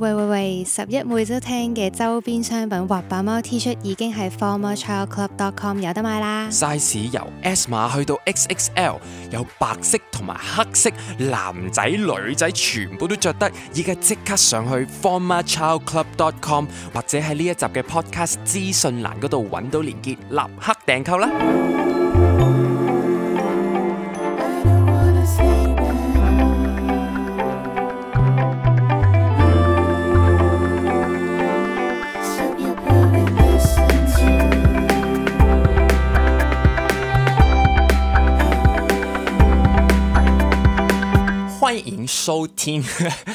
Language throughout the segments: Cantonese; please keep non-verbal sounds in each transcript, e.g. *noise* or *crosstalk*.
喂喂喂！十一每周聽嘅周邊商品滑板貓 T 恤，已經喺 formerchildclub.com 有得買啦。size 由 S 碼去到 XXL，有白色同埋黑色，男仔女仔全部都着得。而家即刻上去 formerchildclub.com 或者喺呢一集嘅 podcast 資訊欄嗰度揾到鏈接，立刻訂購啦！演 show team，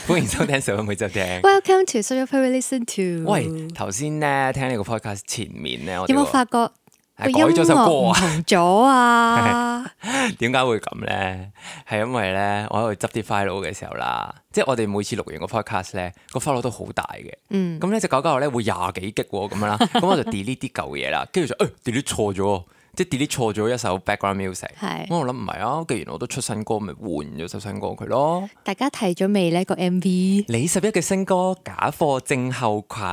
歡迎收聽，歡迎收聽拾壹每週聽。Welcome to Subyub Per listen to。喂，頭先咧聽呢個 podcast 前面咧，我有冇發覺改咗首歌啊？點解會咁咧？係因為咧，我喺度執啲 file 嘅時候啦，即係我哋每次錄完個 podcast 咧，個 file 都好大嘅。嗯，咁咧隻狗狗咧會廿幾 G 咁樣啦，咁我就 delete 啲舊嘢啦，跟住就誒 delete 錯咗。即係 delete 錯咗一首 background music，是我諗唔係啊，既然我都出新歌，咪換咗首新歌佢咯。大家睇咗未呢個 M V？李十一嘅新歌《假貨症候群》，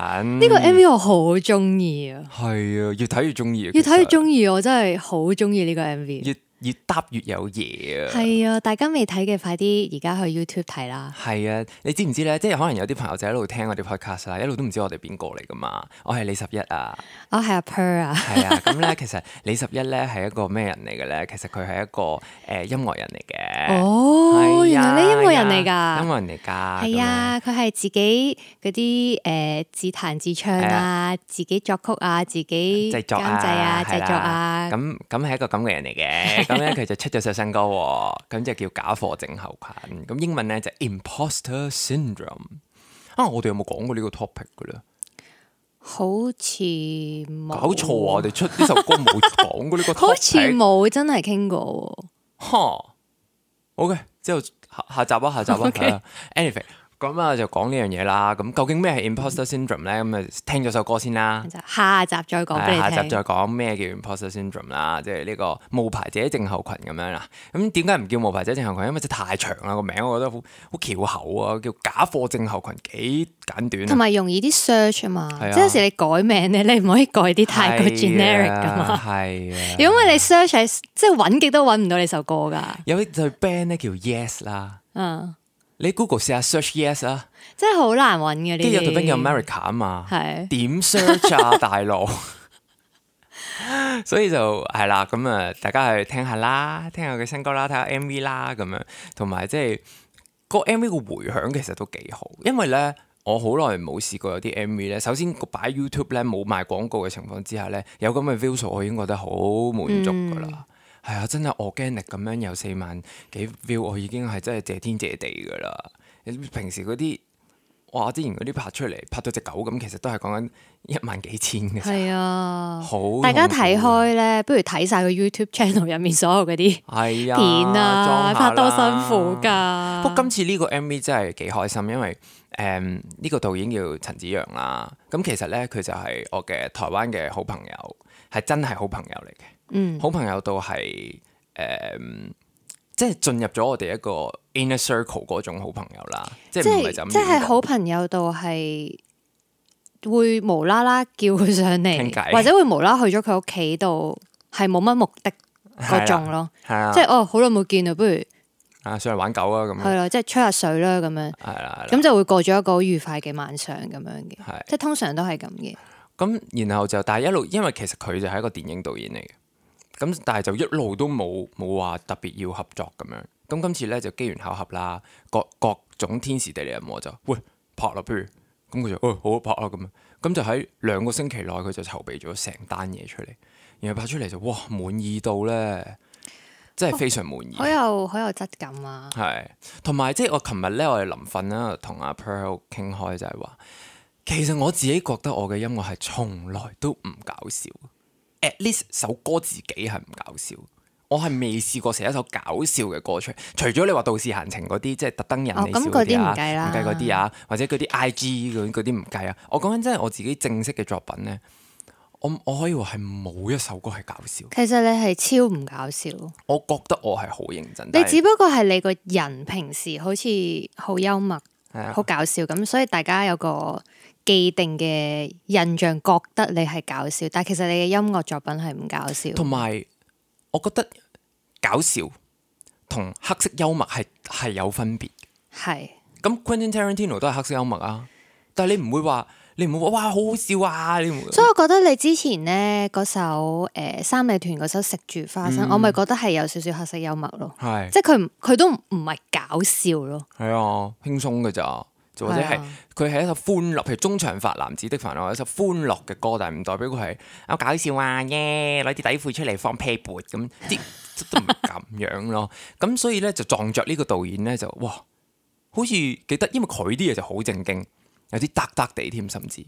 呢個 M V 我好中意啊，係啊，越睇越中意，啊，越睇越中意，我真係好中意呢個 M V。越搭越有嘢啊！係啊，大家未睇嘅快啲，而家去 YouTube 睇啦。係啊，你知唔知咧？即係可能有啲朋友仔一路聽我哋 podcast 啦，一路都唔知我哋邊個嚟噶嘛？我係李十一啊，我係阿 Per 啊。係啊，咁咧，其實李十一咧係一個咩人嚟嘅咧？其實佢係一個誒音樂人嚟嘅。哦，原來你音樂人嚟噶？音樂人嚟噶？係啊，佢係自己嗰啲誒自彈自唱啊，自己作曲啊，自己製作啊，製作啊。咁咁係一個咁嘅人嚟嘅。咁咧，其實 *music* 出咗首新歌，咁即係叫假貨症候群。咁英文咧就 imposter syndrome。啊，我哋有冇講過呢個 topic 嘅咧？好似冇。搞錯啊！我哋出呢首歌冇講過呢個， *laughs* 好似冇真係傾過。嚇、 *music* 啊、，OK，之後下集啊，下集啊，睇啦 Okay.、啊啊、，anything。咁啊，就講呢樣嘢啦。咁究竟咩係 imposter syndrome 咧？咁啊，聽咗首歌先啦。下，一集下集再講俾你聽，下集再講咩叫 imposter syndrome 啦，即係呢個冒牌者症候群咁樣啦。咁點解唔叫冒牌者症候群？因為真太長啦個名，我覺得好好巧口啊，叫假貨症候群幾簡短，啊，同埋容易啲 search 啊嘛。啊即係有時你改名咧，你唔可以改啲太過 generic 噶，啊啊、嘛。係、啊，因為你 search 係、啊啊、即係揾極都揾唔到你首歌噶。有啲就係 band 咧叫 Yes 啦，嗯。你 Google 試下 search yes 啊，真係好難揾嘅呢啲。跟住有 America 啊嘛，點 search 啊，大佬。所以就係啦，咁啊，大家去聽下啦，聽下佢新歌啦，睇下 MV 啦，咁樣，同埋即係個 MV 個迴響其實都幾好，因為咧，我好耐冇試過有啲 MV 咧，首先擺 YouTube 咧冇賣廣告嘅情況之下咧，有咁嘅 views 我已經覺得好滿足噶啦。嗯係啊、哎，真係 organic 咁樣有四萬幾 view，我已經係真係謝天謝地噶啦！你平時嗰啲，哇之前嗰啲拍出嚟拍到隻狗咁，其實都係講緊一萬幾千嘅。係啊，好大家睇開咧，不如睇晒個 YouTube channel 入面所有嗰啲片、 *laughs* 哎呀，係啊，點啊，拍多辛苦噶。不過今次呢個 MV 真係幾開心，因為誒呢、嗯這個導演叫陳子陽啦。咁其實咧佢就係我嘅台灣嘅好朋友，係真係好朋友嚟嘅。嗯，好朋友到係誒，即係進入咗我哋一個 inner circle 嗰種好朋友啦，即係即係好朋友到係會無啦啦叫佢上嚟，傾偈，或者會無啦去咗佢屋企度，係冇乜目的嗰種咯，係啊，即係哦，好耐冇見啦，不如啊上嚟玩狗啊咁樣，係、就是、啦，即係吹下水啦咁樣，係啦、啊，咁、啊、就會過咗一個好愉快嘅晚上咁樣嘅，係、啊，即係通常都係咁嘅。咁、啊、然後就但係一路，因為其實佢就係一個電影導演嚟嘅。咁但係就一路都冇冇話特別要合作咁樣，咁今次咧就機緣巧合啦，各各種天時地利人和就喂拍啦，不如咁佢就喂好好拍啦咁樣，咁就喺兩個星期內佢就籌備咗成單嘢出嚟，然後拍出嚟就哇滿意到咧，真係非常滿意，哦，好有好有質感啊！係同埋即係我琴日咧我哋臨瞓啦，同阿 Per 傾開就係、是、話，其實我自己覺得我嘅音樂係從來都唔搞笑。At least 首歌自己係唔搞笑，我係未試過寫一首搞笑嘅歌出嚟。除咗你話《道士閒情》嗰啲，即係特登人，引你笑嗰啲，唔計啦，唔計嗰啲啊，或者嗰啲 IG 嗰啲唔計啊。我講緊真係我自己正式嘅作品咧，我我可以話係冇一首歌係搞笑。其實你係超唔搞笑，我覺得我係好認真。你只不過係你個人平時好似好幽默。好搞笑咁，所以大家有個既定嘅印象，覺得你係搞笑，但係其實你嘅音樂作品係唔搞笑。同埋，我覺得搞笑同黑色幽默係係有分別。係是。咁 Quentin Tarantino 都係黑色幽默啊，但係你唔會話。你唔好哇，好好笑啊！你所以我覺得你之前咧嗰首誒、呃、三里團嗰首食住花生，嗯、我咪覺得係有少少黑色幽默咯。係是，即係佢佢都唔係搞笑咯。係啊，輕鬆嘅咋？就、啊、或者係佢係一首歡樂，譬如中長髮男子的煩惱、呃，一首歡樂嘅歌，但係唔代表佢係啊搞笑啊耶！攞、yeah, 啲底褲出嚟放 paper 咁，啲都唔係咁樣咯。咁 *laughs* 所以咧就撞着呢個導演咧就哇，好似記得，因為佢啲嘢就好正經。有啲嗒嗒地添，甚至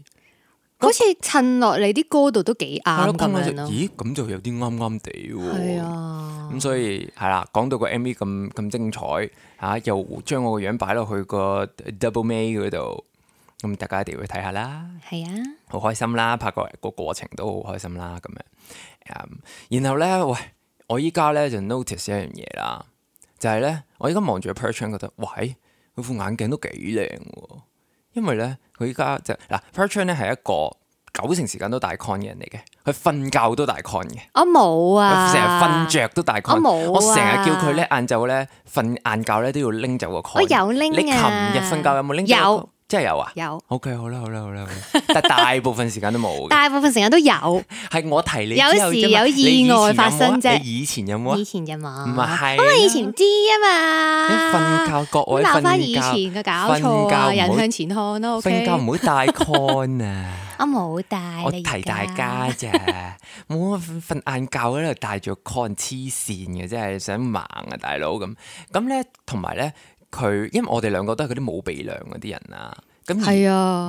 好似像都襯落嚟啲高度都幾啱，嗯、咦，咁就有啲啱啱地喎。啊，咁所以係啦，講到個 MV 咁咁精彩嚇，又將我個樣擺落去個 Double May 嗰度，咁大家一定要睇下啦。係是啊，好開心啦，拍個個過程都好開心啦，咁樣、嗯。然後咧，喂，我依家咧就 notice 一樣嘢啦，就係咧、就是，我依家望住個 Perchan 覺得，喂，嗰副眼鏡都幾靚喎。因為咧，佢依家就，嗱，Perchan 咧係一個九成時間都戴 con 嘅人嚟嘅，佢瞓覺都戴 con 嘅。我冇啊，成日瞓着都戴 con。我成日、啊、叫佢咧晏晝咧瞓晏覺咧都要拎走個 con。我有拎、啊、你琴日瞓覺有冇拎？有。真係有啊？有，OK，好啦，好啦，好啦，但大部分時間都冇，大部分時間都有，係我提你，有時有意外發生啫。你以前有冇？以前有冇？唔係，因為我以前唔知啊嘛。你瞓覺各位瞓熱覺，瞓覺人向前看咯。瞓覺唔好帶 con 啊！我冇帶。我提大家啫！冇瞓晏覺嗰度帶住 con，黐綫嘅真係想盲啊！大佬咁咁咧，同埋咧。佢是、啊嗯，因為我哋兩個都係嗰啲冇鼻梁嗰啲人啊，咁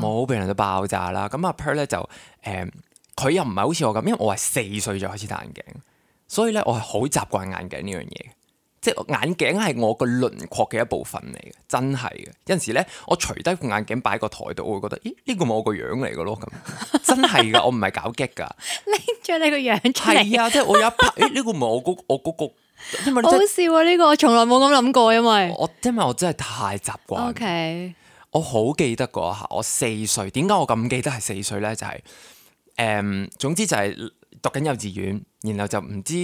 冇鼻梁就爆炸啦。咁阿 Per 咧就誒，佢又唔係好似我咁，因為我係四歲就開始戴眼鏡，所以咧我係好習慣眼鏡呢樣嘢。即係眼鏡係我個輪廓嘅一部分嚟嘅，真係嘅。有陣時咧，我除低副眼鏡擺個台度，我會覺得咦，呢個冇我個樣嚟嘅咯，咁真係嘅，我唔係搞激㗎，拎住 *laughs* 你個樣出嚟啊！即係我一拍咦，呢個唔係我我嗰好笑啊！呢個我從來冇咁諗過，因為我因為我真係太習慣。OK，我好記得嗰下，我四歲。點解我咁記得係四歲咧？就係誒，總之就係讀緊幼稚園，然後就唔知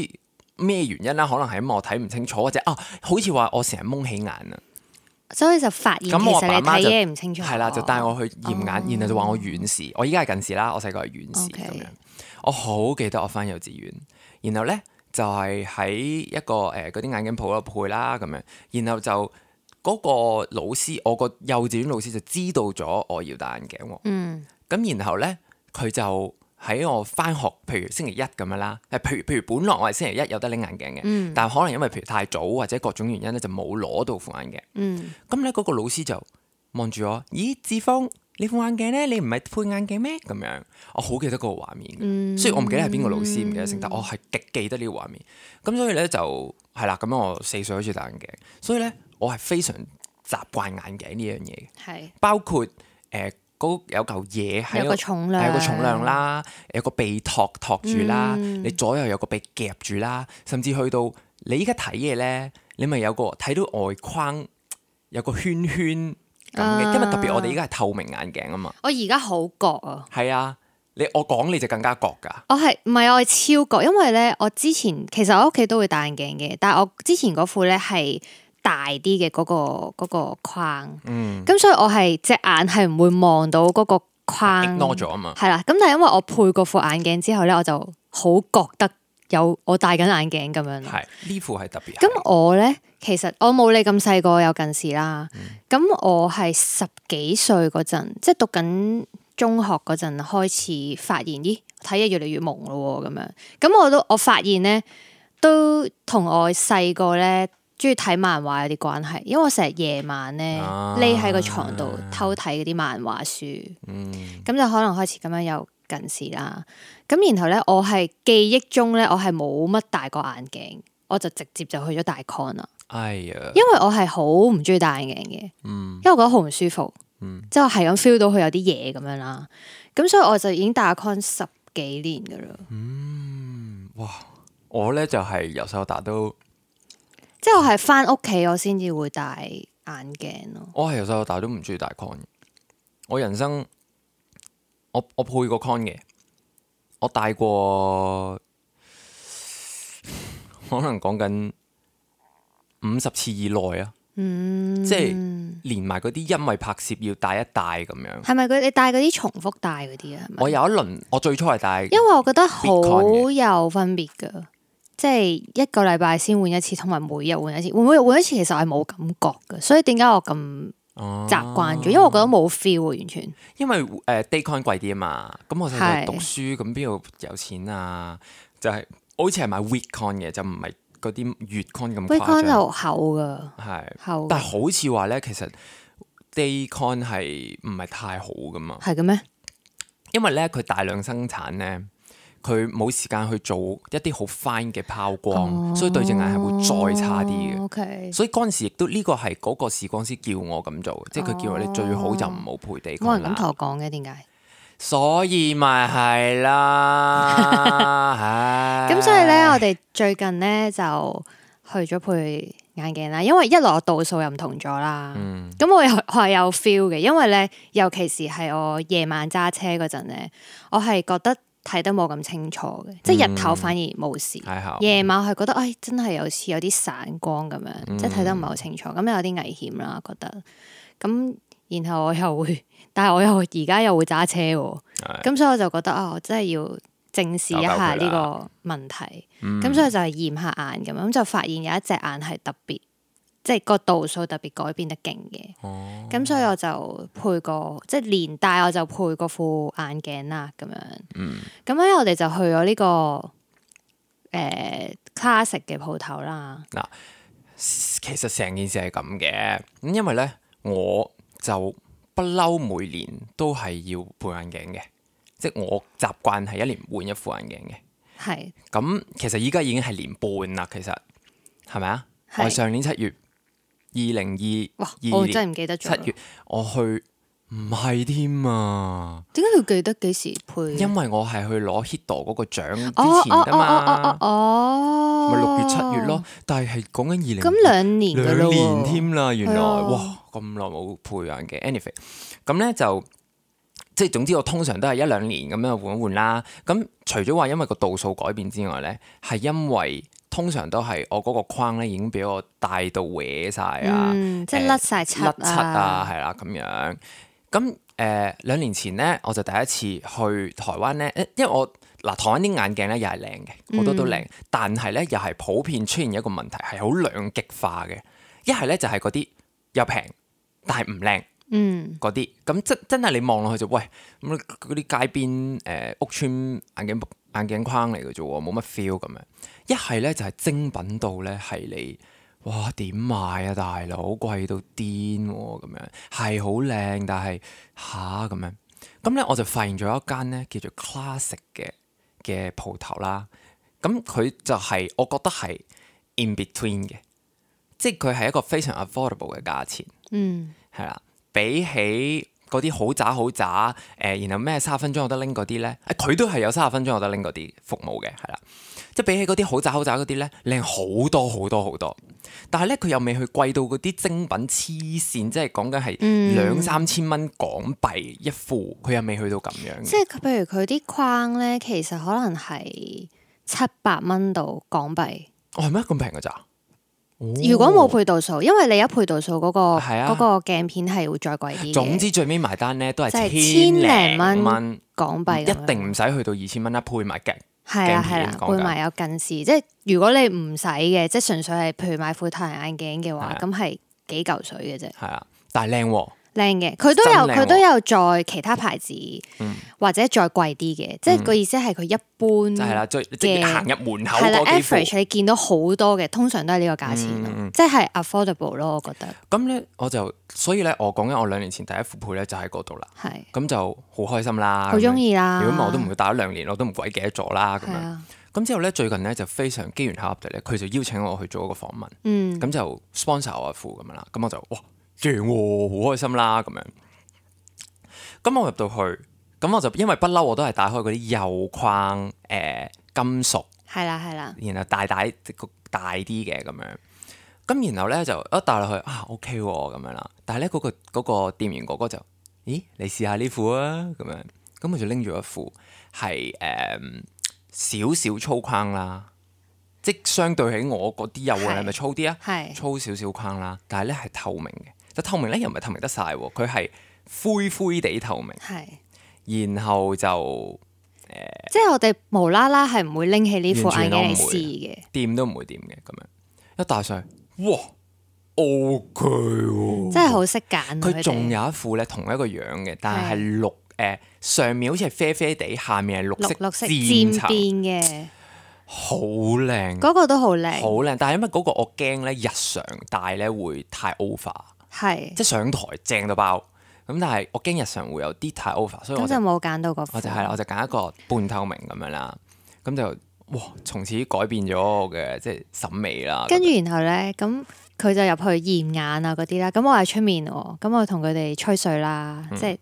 咩原因啦。可能係因為我睇唔清楚或者啊，好似話我成日蒙起眼啊，所以就發現咁，我爸媽就你睇嘢唔清楚。係啦，就帶我去驗眼，然後就話我遠視。我依家係近視啦，我細個係遠視咁樣。我好記得我返幼稚園，然後咧。就係喺一個誒嗰啲眼鏡鋪度配啦，咁樣，然後就嗰個老師，我個幼稚園老師就知道咗我要戴眼鏡喎。嗯，咁然後咧，佢就喺我翻學，譬如星期一咁樣啦，誒，譬如譬如本來我係星期一有得拎眼鏡嘅，嗯，但係可能因為譬如太早或者各種原因咧，就冇攞到副眼鏡。嗯，咁咧，嗰個老師就望住我，咦，志峰！你副眼鏡咧，你唔係配眼鏡咩？咁樣，我好記得嗰個畫面。所以我唔記得係邊個老師，唔記得姓，但我係極記得呢個畫面。咁所以咧就係啦，咁我四歲開始戴眼鏡，所以咧我係非常習慣眼鏡呢樣嘢。係是包括誒，呃那個、有嚿嘢係一個重量，係個重量啦，有個鼻托托住啦，嗯、你左右有個鼻夾住啦，甚至去到你依家睇嘢咧，你咪有個睇到外框有個圈圈。咁嘅，因為特別我哋而家係透明眼鏡啊嘛。我而家好覺啊。係啊，你我講你就更加覺噶。我係唔係我係超覺，因為咧我之前其實我屋企都會戴眼鏡嘅，但係我之前嗰副咧係大啲嘅嗰個、嗰個框。嗯。咁所以我係隻眼係唔會望到嗰個框多咗啊嘛。係啦、啊，咁但係因為我配嗰副眼鏡之後咧，我就好覺得有我戴緊眼鏡咁樣。係呢副係特別。咁我咧。其實我冇你咁細個有近視啦。咁我係十幾歲嗰陣，即係讀緊中學嗰陣開始發現，咦，睇嘢越嚟越朦咯咁樣。咁我都我發現咧，都同我細個咧中意睇漫畫有啲關係，因為我成日夜晚咧匿喺個床度偷睇嗰啲漫畫書。咁、嗯、就可能開始咁樣有近視啦。咁然後咧，我係記憶中咧，我係冇乜戴過眼鏡，我就直接就去咗大 con 啦。哎呀，因為我係好唔中意戴眼鏡嘅。嗯、因為我覺得好唔舒服，嗯、即係我係咁 feel 到佢有啲嘢咁樣啦，咁所以我就已經戴 con 十幾年噶啦。嗯，哇，我咧就係由細到大都，即係我係翻屋企我先至會戴眼鏡咯。我係由細到大都唔中意戴 con 嘅，我人生我我配過 con 嘅，我戴過可能講緊。五十次以內啊，嗯、即係連埋嗰啲因為拍攝要帶一戴咁樣，係咪佢你帶嗰啲重複帶嗰啲啊？係咪？我有一輪，我最初係帶，因為我覺得好 Bitcoin 有分別噶，即係一個禮拜先換一次，同埋每日換一次，每日換一,一次其實係冇感覺噶，所以點解我咁習慣咗？哦、因為我覺得冇 feel 完全、啊，因為誒、呃、daycon 貴啲啊嘛，咁我成日讀書，咁邊度有錢啊？就係、是、我好似係買 weekcon 嘅，就唔係。嗰啲月 con 咁誇張，月 con 就厚噶，係厚。但係好似話咧，其實 day con 係唔係太好噶嘛？係嘅咩？因為咧，佢大量生產咧，佢冇時間去做一啲好 fine 嘅拋光，哦、所以對隻眼係會再差啲嘅。哦、okay，所以嗰陣時亦都呢個係嗰個視光師叫我咁做，即係佢叫我你最好就唔好配 day con 啦。冇人咁同我講嘅，點解？所以咪係啦，咁、 *laughs* 哎、所以呢，我哋最近呢就去咗配眼鏡啦，因為一來我度數又唔同咗啦。咁、嗯、我我係有 feel 嘅，因為呢，尤其是係我夜晚揸車嗰陣呢，我係覺得睇得冇咁清楚嘅，嗯、即係日頭反而冇事，夜、嗯、晚係覺得，唉、哎，真係有似有啲散光咁樣，嗯、即係睇得唔係好清楚，咁、嗯、有啲危險啦，我覺得咁。嗯然後我又會，但係我又而家又會揸車喎，咁的所以我就覺得啊，哦、我真係要正視一下呢個問題。咁、嗯、所以就係驗下眼咁樣，咁就發現有一隻眼係特別，即、就、係、是、個度數特別改變得勁嘅。咁、哦、所以我就配個的即係連戴，我就配個副眼鏡啦咁樣。咁咧、嗯、我哋就去咗呢、這個誒 classic 嘅鋪頭啦。嗱、呃，其實成件事係咁嘅，咁因為咧我。就不嬲，每年都係要配眼鏡嘅，即係我習慣係一年換一副眼鏡嘅。係是，咁其實而家已經係年半啦，其實係咪啊？我上年七月，二零二二年七月哇，我真係唔記得咗。我去。唔係添啊！點解要記得幾時配？因為我係去攞 Hedo 嗰個獎之前啊嘛，哦，咪六月七月咯。但係講緊二零咁兩年兩年添啦，原來哇咁耐冇配眼嘅 Anyway。咁咧就即係總之，我通常都係一兩年咁樣換一換啦。咁除咗話因為個度數改變之外咧，係因為通常都係我嗰個框咧已經俾我戴到歪晒啊，即係甩晒漆啊，係啦咁樣。咁誒、呃、兩年前咧，我就第一次去台灣咧，誒，因為我嗱台灣啲眼鏡咧又係靚嘅，好多都靚，嗯、但係咧又係普遍出現一個問題係好兩極化嘅，一係咧就係嗰啲又平但係唔靚，嗯，嗰啲，咁真真係你望落去就，喂，咁嗰啲街邊誒、呃、屋村眼鏡眼鏡框嚟嘅啫喎，冇乜 feel 咁樣，一係咧就係、係、精品度咧係你。哇點買啊大佬，貴到癲喎咁樣係好靚，但係嚇咁樣咁咧我就發現咗一間咧叫做 Classic 嘅嘅鋪頭啦。咁佢、啊、就係、是、我覺得係 in between 嘅，即係佢係一個非常 affordable 嘅價錢。嗯，係啦，比起。嗰啲好渣好渣，誒、呃，然後咩三十分鐘我都拎嗰啲咧，佢都係有三十分鐘我都拎嗰啲服務嘅，係啦，即係比起嗰啲好渣好渣嗰啲咧，靚好多好多好多，但係咧佢又未去貴到嗰啲精品黐線，即係講緊係兩三千蚊港幣一副，佢又未去到咁樣。即係佢，譬如佢啲框咧，其實可能係七百蚊到港幣，哦，係咩咁平嘅咋？如果冇配度數，因為你一配度數嗰個嗰、啊、個鏡片係會再貴啲嘅。總之最尾埋單咧都係千零蚊港幣，港幣一定唔使去到二千蚊一配埋鏡鏡片，配埋、啊啊、有近視，即係如果你唔使嘅，即係純粹係，譬如買副太陽眼鏡嘅話，咁係、啊、幾嚿水嘅啫。係啊，但係靚。靚嘅，佢都有佢都有在其他牌子，或者再貴啲嘅，即係個意思係佢一般即係行入門口。Average，你見到好多嘅，通常都係呢個價錢，即係 affordable 咯。我覺得咁咧，我就所以咧，我講緊我兩年前第一副配咧就喺嗰度啦。係咁就好開心啦，好中意啦。如果唔係我都唔會打咗兩年，我都唔鬼記得咗啦。咁樣咁之後咧，最近咧就非常機緣巧合咧，佢就邀請我去做一個訪問。嗯，咁就 sponsor 我副咁樣啦。咁我就哇！轉喎，好、哦、開心啦咁樣。咁我入到去，咁我就因為不嬲我都係帶開嗰啲幼框，誒、呃，金屬係啦係啦，然後大大大啲嘅咁樣。咁然後咧就一帶落去啊，OK 喎、哦、咁樣啦。但係咧嗰個、嗰個店員哥哥就，咦，你試下呢副啊咁樣。咁我就拎住一副係誒，少少、嗯、粗框啦，即相對起我嗰啲幼係咪粗啲啊？係粗少少框啦，但係咧係透明嘅。就透明咧，又唔係透明得曬，佢係灰灰地透明。係，是然後就誒，呃、即係我哋無啦啦係唔會拎起呢副眼鏡嚟試嘅，掂都唔會掂嘅。咁樣一戴上，哇，OK 喎、哦嗯嗯，真係好識揀。佢仲有一副咧，們同一個樣嘅，但係係綠誒是、呃、上面好似係啡啡地，下面係綠色綠綠色漸變嘅，好靚。嗰個都好靚，好靚。但係因為嗰個我驚咧，日常戴咧會太 over。係，是即係上台正到爆，咁但係我驚日常會有啲太 over，所以我就冇揀到嗰副我。我就係啦，我就揀一個半透明咁樣啦，咁就哇，從此改變咗我嘅即係審美啦。跟住然後咧，咁佢、嗯、就入去驗眼啊嗰啲啦，咁、嗯、我喺出面，咁我同佢哋吹水啦，即係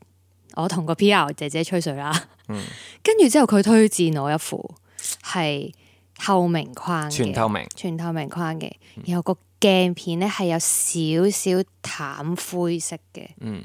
我同個 PR 姐姐吹水啦。跟住之後佢推薦我一副係透明框，全透明，全透明框嘅，然後、那個。鏡片咧係有少少淡灰色嘅，嗯，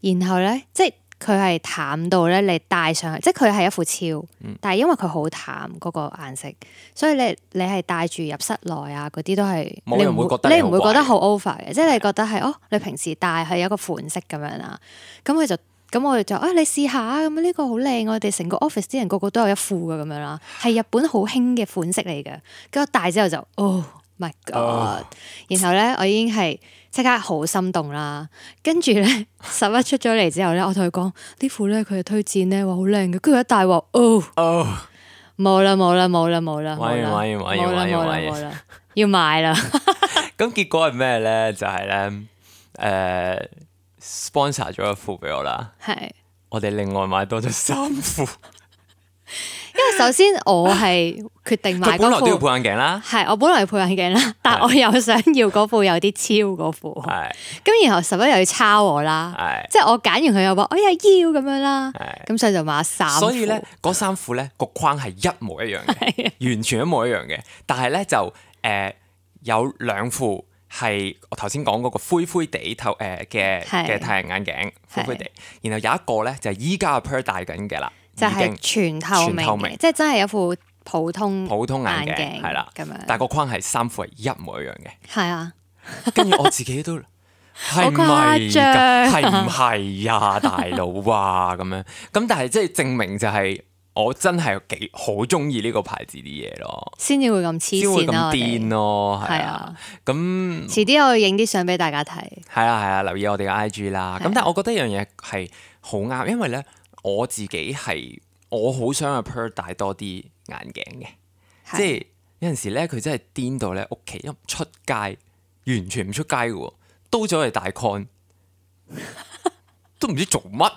然後咧即係佢係淡到咧你戴上去，即係佢係一副超，嗯、但係因為佢好淡嗰、那個顏色，所以你你係戴住入室內啊嗰啲都係，有你唔會你唔會覺得好 over 嘅，的即係你覺得係哦，你平時戴係一個款式咁樣啦，咁佢就咁我哋就啊、哎、你試下啊，咁、這、呢個好靚，我哋成個 office 啲人個個都有一副嘅咁樣啦，係日本好興嘅款式嚟嘅，咁我戴之後就哦。哦 My God，然後咧，我已經係即刻好心動啦。跟住咧，十一出咗嚟之後咧，我同佢講呢副咧，佢嘅推薦咧話好靚嘅。跟住一戴話，哦，冇啦冇啦冇啦冇啦，要買啦！咁結果係咩咧？就係咧，誒 sponsor 咗一副俾我啦。係，我哋另外買多咗三副。因為首先我係決定買，但本來都要配眼鏡啦。係，我本來配眼鏡啦，但係我又想要嗰副有啲超過副。係，咁然後拾壹又要抄我啦。係是的，即係我揀完佢又話，哎呀要咁樣啦。係，咁所以就買三副。所以咧，嗰三副咧個框係一模一樣嘅，是的 完全一模一樣嘅。但係咧就誒、呃、有兩副係我頭先講嗰個灰灰地透誒嘅嘅太陽眼鏡灰灰地是的，然後有一個咧就係依家阿 Per 戴緊嘅啦。 *laughs* 就係全透明，即係真係一副普通鏡普通眼鏡係啦咁樣，但係個框係三副係一模一樣嘅，係啊。跟住 *laughs* 我自己都係唔係，係唔係呀，大佬啊咁樣。咁但係即係證明就係我真係幾好中意呢個牌子啲嘢咯，先至會咁黐線咯，癲咯，係啊。咁遲啲我要影啲相俾大家睇，係啊係啊,啊，留意我哋嘅 IG 啦。咁、啊、但係我覺得一樣嘢係好啱，因為咧。我自己係我好想阿 Per 戴多啲眼鏡嘅，的即係有陣時咧佢真係癲到咧屋企，因為唔出街完全唔出街嘅，都只係戴 con，都唔知做乜。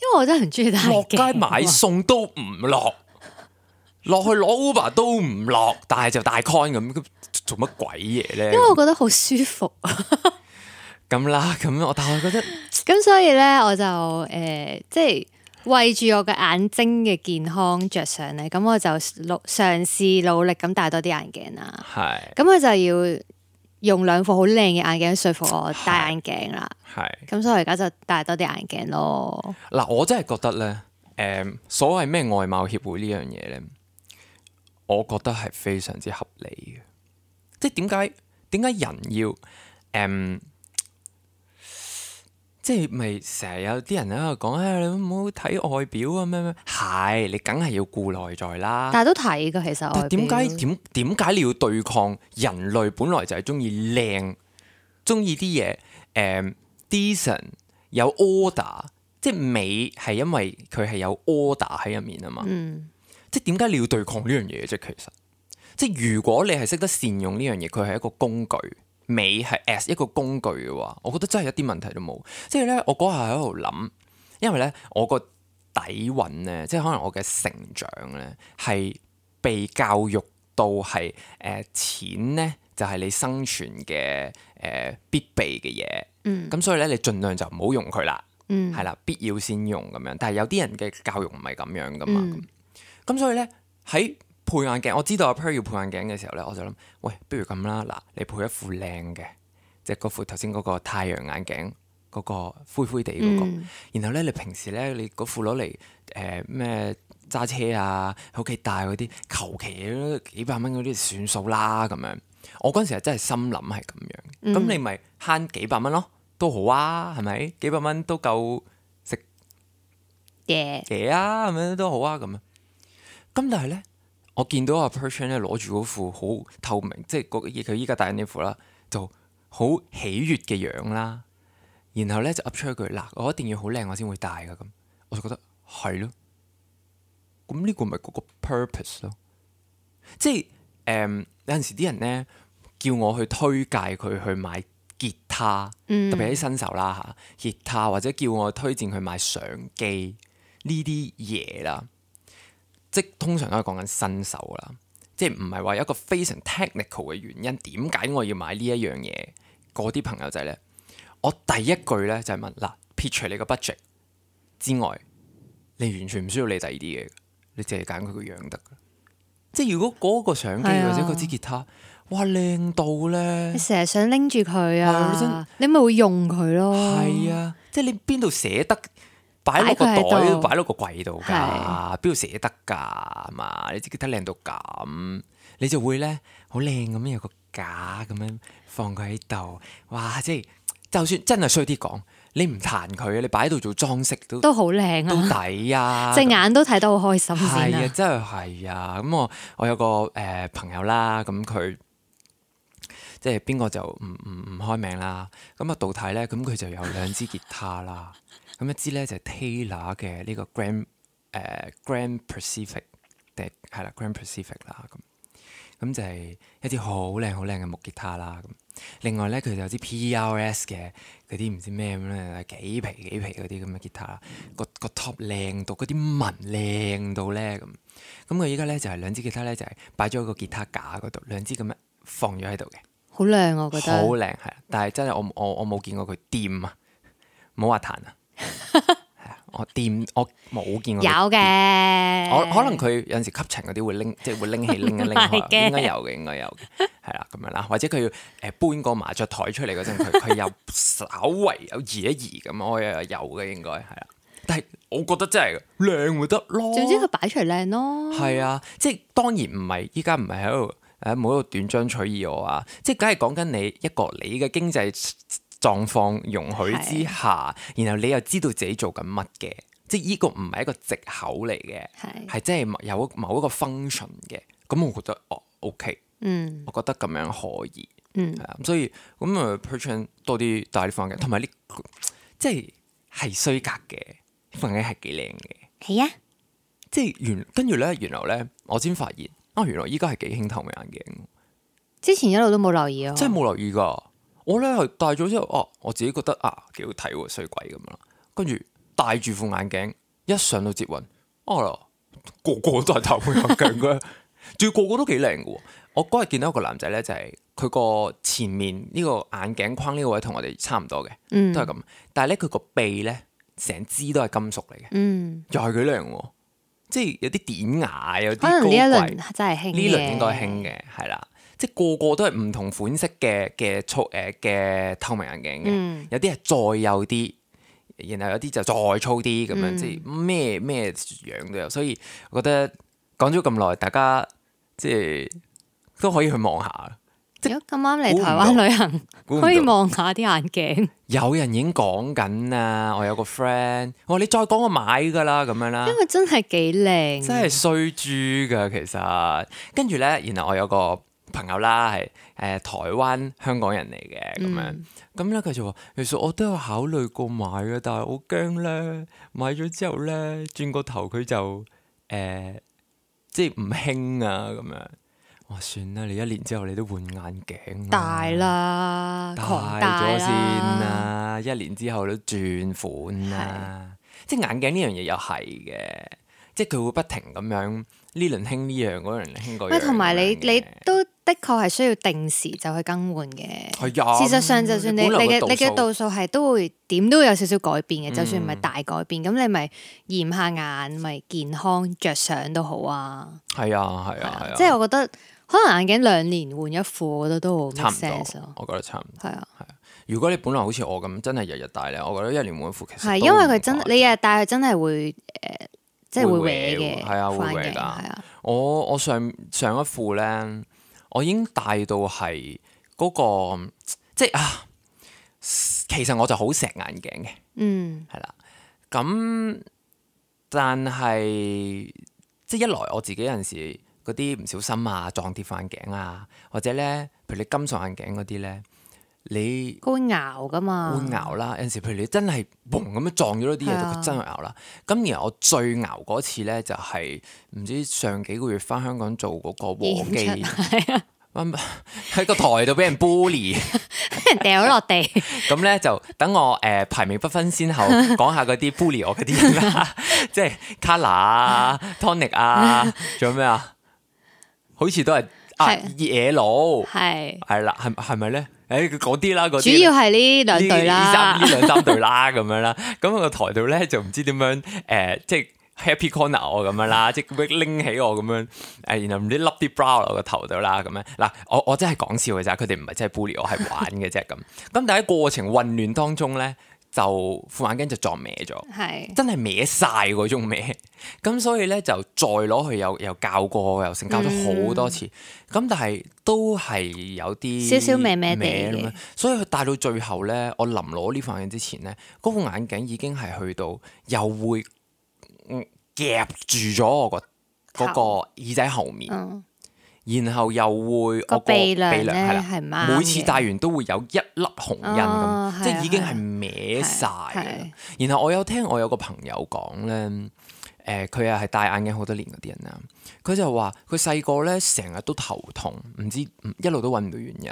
因為我真係唔中意戴。落街買餸都唔落，落哇 去攞 Uber 都唔落，但係就戴 con 咁，做乜鬼嘢咧？因為我覺得好舒服。咁啦，咁我但係我覺得，咁所以咧我就誒、呃、即係。為住我嘅眼睛嘅健康着想咧，咁我就努嘗試努力咁戴多啲眼鏡啦。係，咁我就要用兩副好靚嘅眼鏡說服我戴眼鏡啦。係，咁所以我而家就戴多啲眼鏡咯。嗱，我真係覺得咧，誒、呃，所謂咩外貌協會呢樣嘢咧，我覺得係非常之合理嘅。即係點解？點解人要？嗯、呃。即係咪成日有啲人喺度講啊？你唔好睇外表啊！咩咩係你，梗係要顧內在啦。但係都睇噶，其實但。但係點解點點解你要對抗人類本來就係中意靚，中意啲嘢？誒、嗯，design 有 order，即係美係因為佢係有 order 喺入面啊嘛。嗯。即係點解你要對抗呢樣嘢啫？其實，即係如果你係識得善用呢樣嘢，佢係一個工具。美係 s 一個工具嘅話，我覺得真係一啲問題都冇。即係咧，我嗰日喺度諗，因為咧我個底蘊咧，即係可能我嘅成長咧係被教育到係誒、呃、錢咧就係、是、你生存嘅誒、呃、必備嘅嘢。嗯，咁所以咧你盡量就唔好用佢啦。嗯，係啦，必要先用咁樣。但係有啲人嘅教育唔係咁樣噶嘛。咁、嗯、所以咧喺配眼鏡，我知道阿 Per 要配眼鏡嘅時候咧，我就諗，喂，不如咁啦嗱，你配一副靚嘅，即係嗰副頭先嗰個太陽眼鏡嗰、嗰個灰灰地嗰、嗰個。嗯、然後咧，你平時咧，你嗰副攞嚟誒咩揸車啊，喺屋企戴嗰啲求其幾百蚊嗰啲算數啦。咁樣我嗰陣時係真係心諗係咁樣，咁、嗯、你咪慳幾百蚊咯，都好啊，係咪幾百蚊都夠食嘅嘢啊，咁樣都好啊，咁啊。咁但係咧。我見到阿 Perchan 咧攞住嗰副好透明，即係佢依家戴緊呢副啦，就好喜悅嘅樣啦。然後咧就 up 出一句：嗱，我一定要好靚，我先會戴嘅咁。我就覺得係咯。咁呢、這個咪嗰個 purpose 咯。即係誒、呃、有陣時啲人咧叫我去推介佢去買吉他，特別啲新手啦嚇，嗯、吉他或者叫我推薦佢買相機呢啲嘢啦。即通常都係講緊新手啦，即係唔係話有一個非常 technical 嘅原因點解我要買呢一樣嘢？嗰啲朋友仔咧，我第一句咧就係問嗱，撇除你個 budget 之外，你完全唔需要你第二啲嘢，你凈係揀佢個樣得㗎。即係如果嗰個相機或者嗰支吉他，哇靚到咧，你成日想拎住佢啊，你咪、啊、會用佢咯。係啊，即係你邊度捨得？擺喺個袋個，擺喺個櫃度噶，邊度捨得噶？嘛，你支吉他靚到咁，你就會咧好靚咁樣有個架咁樣放佢喺度，哇！即、就、係、是、就算真係衰啲講，你唔彈佢，你擺喺度做裝飾都都好靚啊，到底啊，只 *laughs* 眼都睇得好開心、啊。係啊，真係係啊！咁我我有個誒、呃、朋友啦，咁佢即係邊個就唔唔唔開名啦，咁啊杜太咧，咁佢就有兩支吉他啦。 *laughs* 咁一支咧就係、是、Taylor 嘅呢個 Grand 誒、呃、Grand Pacific 係啦 Grand Pacific 啦咁，咁就係一支好靚好靚嘅木吉他啦。咁另外咧佢就有支 PRS 嘅嗰啲唔知咩幾皮幾皮嗰啲咁嘅吉他、嗯、個個 top 靚到，嗰啲紋靚到咧咁。咁佢依家，咧就係、是、兩支吉他咧就係擺咗個吉他架嗰度兩支咁樣放咗喺度嘅，好靚啊！我覺得好靚，係啊，但係真係我我我冇見過佢掂啊，冇話彈啊。 *laughs* *laughs* 我掂，我冇見過。有嘅的，我可能佢有陣時吸塵嗰啲會拎，即係會拎起拎一拎。係嘅是， *laughs* 應該有嘅，應該有嘅。係啦，咁樣啦，或者佢要誒搬個麻雀台出嚟嗰陣，佢佢又稍為有移一移咁，我又有嘅，應該係啦。但係我覺得真係靚咪得咯。總之佢擺出嚟靚咯。係啊，即係當然唔係，依家唔係喺度誒，冇喺度斷章取義我啊。即係梗係講緊你一個你嘅經濟狀況容許之下，然後你又知道自己做緊乜嘅，即係依個唔係一個藉口嚟嘅，係即係有某一個 function 嘅。咁的我覺得哦，OK，嗯，我覺得咁樣可以，嗯，所以咁啊，push 多啲戴呢副眼鏡，同埋呢個即係係衰格嘅，副眼鏡係幾靚嘅，係啊的，即係原跟住咧，原來咧，我先發現哦，原來依家係幾興透明眼鏡，之前一路都冇留意啊，即係冇留意噶。 *music* 我咧係戴咗之後，哦、啊，我自己覺得啊，幾好睇喎，衰鬼咁樣啦。跟住戴住副眼鏡，一上到捷運，哦、啊，個個都係戴副眼鏡嘅，仲要 *laughs* 個個都幾靚嘅。我嗰日見到一個男仔咧，就係佢個前面呢、這個眼鏡框呢個位同我哋差唔多嘅，都係咁。嗯、但係咧佢個鼻咧成支都係金屬嚟嘅，又係幾靚。即係有啲典雅，有啲高貴。呢輪真係興，呢輪應該興嘅，係啦。 *laughs* 即係個個都係唔同款式嘅嘅粗誒嘅、呃、透明眼鏡嘅，嗯、有啲係再幼啲，然後有啲就再粗啲咁、嗯、樣，即係咩咩樣都有。所以我覺得講咗咁耐，大家即係都可以去望下。如果咁啱嚟台灣旅行，可以望下啲眼鏡。看看眼鏡有人已經講緊啦，我有個 friend 話、哦、你再講我買噶啦，咁樣啦。因為真係幾靚，真係衰豬噶其實。跟住咧，原來我有個。朋友啦，係誒、呃、台灣香港人嚟嘅咁樣，咁咧佢就話：其實我都有考慮過買嘅，但係我驚咧，買咗之後咧，轉個頭佢就誒、呃、即係唔興啊咁樣。哇，算啦，你一年之後你都換眼鏡啊。大啦，了，大咗先啦啊，一年之後都轉款啦啊是。即係眼鏡呢樣嘢又係嘅，即係佢會不停咁樣呢輪興呢樣，嗰輪興嗰樣。喂樣，同埋你你都。的確係需要定時就去更換嘅。事實上就算你你嘅你嘅度數係都會點都會有少少改變嘅，就算唔係大改變，咁你咪驗下眼，咪健康着想都好啊。係啊係啊，啊。即係我覺得可能眼鏡兩年換一副，我覺得都好。差唔多，我覺得差唔多。係啊係啊。如果你本來好似我咁，真係日日戴咧，我覺得一年換一副其實係因為佢真你日日戴佢真係會誒，即係會歪嘅。係啊會歪噶，係啊。我我上上一副咧。我已經戴到係嗰個，即係啊，其實我就好錫眼鏡嘅，嗯，係啦，咁但係即係一來我自己有陣時嗰啲唔小心啊撞跌翻眼鏡啊，或者咧，譬如你金屬眼鏡嗰啲咧。你會熬噶嘛？會熬啦，有陣時譬如你真係砰咁樣撞咗啲嘢，就真係熬啦。咁而我最熬嗰次咧、就是，就係唔知上幾個月翻香港做嗰個黃機、嗯，喺個台度俾人 bully，俾人掉咗落地、 *laughs* 嗯。咁咧就等我誒、呃、排名不分先後講下嗰啲 bully 我嗰啲啦， *laughs* *laughs* 即係 Kala 啊、Tony 啊，仲有咩啊？好似都係啊野佬，係係啦，係係咪咧？誒，嗰啲啦，主要係呢兩對啦，呢兩三對啦，咁樣啦，咁我個台度咧就唔知點樣，誒，即係 happy corner 我咁樣啦，即係拎起我咁樣，誒，然後唔知笠啲 bra 落個頭度啦，咁樣，嗱，我我真係講笑嘅咋，佢哋唔係真係 bully 我，係玩嘅啫咁，咁但係喺過程混亂當中咧。就副眼鏡就撞歪咗，係是真係歪晒嗰種歪，咁 *laughs* 所以咧就再攞去又又教過，又成教咗好多次，咁、嗯、但係都係有啲少少歪歪地嘅，所以佢戴到最後咧，我臨攞呢副眼鏡之前咧，嗰副眼鏡已經係去到又會夾住咗我個頭嗰個耳仔後面。嗯然後又會個鼻梁咧，係啦，係每次戴完都會有一粒紅印咁，哦、即係已經係歪晒。然後我有聽我有個朋友講咧，誒、呃，佢又係戴眼鏡好多年嗰啲人啦，佢就話佢細個咧成日都頭痛，唔知一路都揾唔到原因。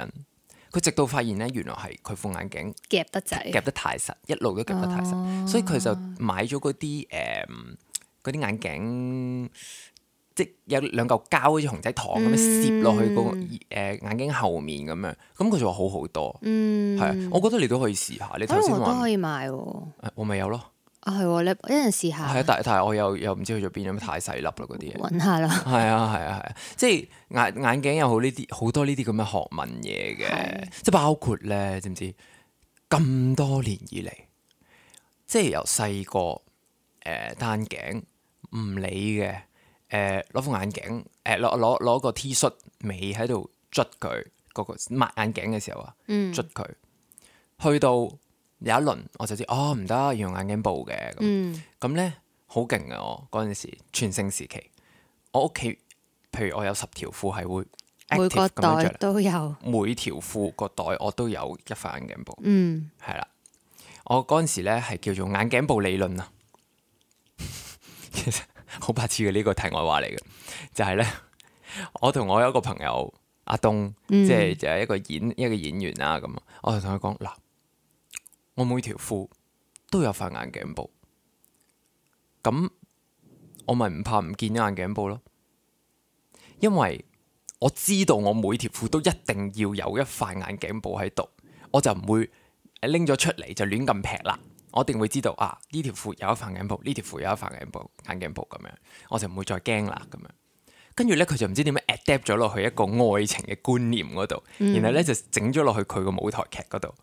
佢直到發現咧，原來係佢副眼鏡夾得滯，夾得太實，一路都夾得太實，哦、所以佢就買咗啲誒嗰啲眼鏡。即有兩嚿膠，好似熊仔糖咁樣攝落、嗯、去個誒眼鏡後面咁樣，咁佢就話好好多，係啊、嗯，我覺得你都可以試下。嗯、你頭先我都可以買、哦，我咪有咯。啊，係你一陣試一下。係啊，但係但係我又又唔知去咗邊，咁太細粒啦嗰啲嘢。揾下啦。係啊，係啊，係啊， *laughs* 即係眼眼鏡又好呢啲好多呢啲咁嘅學問嘢嘅，即係的包括咧，知唔知咁多年以嚟，即係由細個誒單頸唔理嘅。誒攞、呃、副眼鏡，誒攞攞攞個 T 恤尾喺度捽佢，嗰個抹眼鏡嘅時候啊，捽佢、嗯。去到有一輪我就知，哦，唔得，要用眼鏡布嘅。咁咧好勁啊！我嗰陣時全盛時期，我屋企譬如我有十條褲係會每個袋都有，每條褲個袋我都有一塊眼鏡布。嗯，係啦，我嗰陣時咧係叫做眼鏡布理論啊， *laughs* 其實。好白痴嘅呢個題外話嚟嘅，就係咧， *laughs* 我同我有一個朋友阿東，嗯、即係就係一個演一個演員啊。咁，我同佢講嗱，我每條褲都有塊眼鏡布，咁我咪唔怕唔見咗眼鏡布咯，因為我知道我每條褲都一定要有一塊眼鏡布喺度，我就唔會拎咗出嚟就亂咁劈啦。我一定會知道啊！呢條褲有一塊眼鏡布，呢條褲有一塊眼鏡布、眼鏡布咁樣，我就唔會再驚啦咁樣。跟住咧，佢就唔知點樣 adapt 咗落去一個愛情嘅觀念嗰度，嗯、然後咧就整咗落去佢個舞台劇嗰度。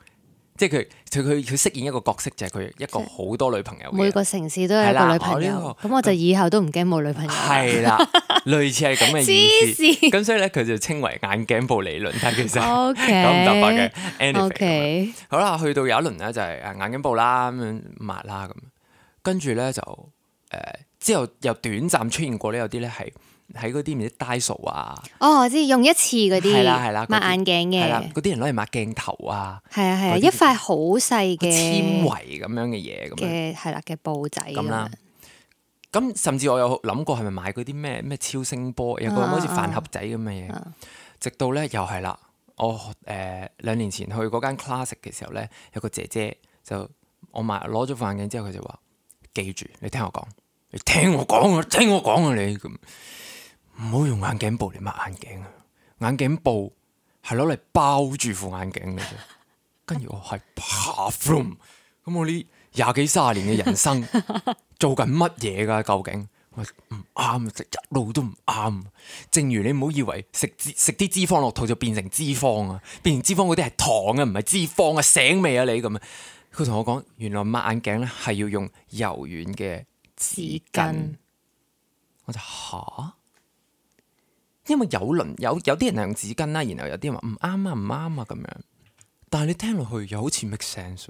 即係佢，佢佢佢飾演一個角色就係、是、佢一個好多女朋友，每個城市都有一個女朋友，咁我就以後都唔驚冇女朋友。係 *laughs* 啦，類似係咁嘅意思。咁所以咧，佢就稱為眼鏡布理論，但其實講唔搭八嘅。Okay，好啦，去到有一輪咧就係、是、眼鏡布啦，咁樣抹啦咁，跟住咧就誒、呃、之後又短暫出現過呢，有啲咧係。喺嗰啲唔知 Daiso 啊！哦，即係用一次嗰啲係啦係啦抹眼鏡嘅，嗰啲人攞嚟抹鏡頭啊！係啊係啊，一塊好細嘅纖維咁樣嘅嘢，咁嘅係啦嘅布仔咁啦。咁甚至我有諗過係咪買嗰啲咩咩超聲波，有個好似飯盒仔咁嘅嘢。啊啊啊啊啊直到咧又係啦，我誒兩年前去嗰間 classic 嘅時候咧，有個姐姐就我買攞咗副眼鏡之後，佢就話：記住，你聽我講，你聽我講啊，聽我講啊，你咁。你你唔好用眼鏡布嚟抹眼鏡啊！眼鏡布係攞嚟包住副眼鏡嘅啫。跟住我係怕 from，咁我呢廿幾三十年嘅人生做緊乜嘢㗎？究竟我唔啱啊！就一路都唔啱。正如你唔好以為食食啲脂肪落肚就變成脂肪啊！變成脂肪嗰啲係糖啊，唔係脂肪啊！醒未啊你？你咁啊？佢同我講，原來抹眼鏡咧係要用柔軟嘅紙巾。紙巾我就嚇。因為有輪有有啲人係用紙巾啦，然後有啲人話唔啱啊唔啱啊咁樣，但係你聽落去又好似 make sense。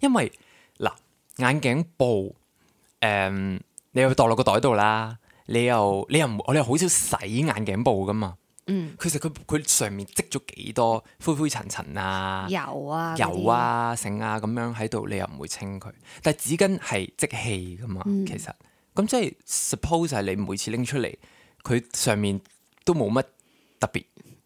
因為嗱眼鏡布誒、嗯，你又墮落個袋度啦，你又你又我哋好少洗眼鏡布噶嘛，嗯，其實佢佢上面積咗幾多灰灰塵塵啊油啊油啊剩啊咁樣喺度，你又唔會清佢。但係紙巾係即棄噶嘛，嗯、其實咁即係 suppose 係你每次拎出嚟，佢上面。都冇乜特別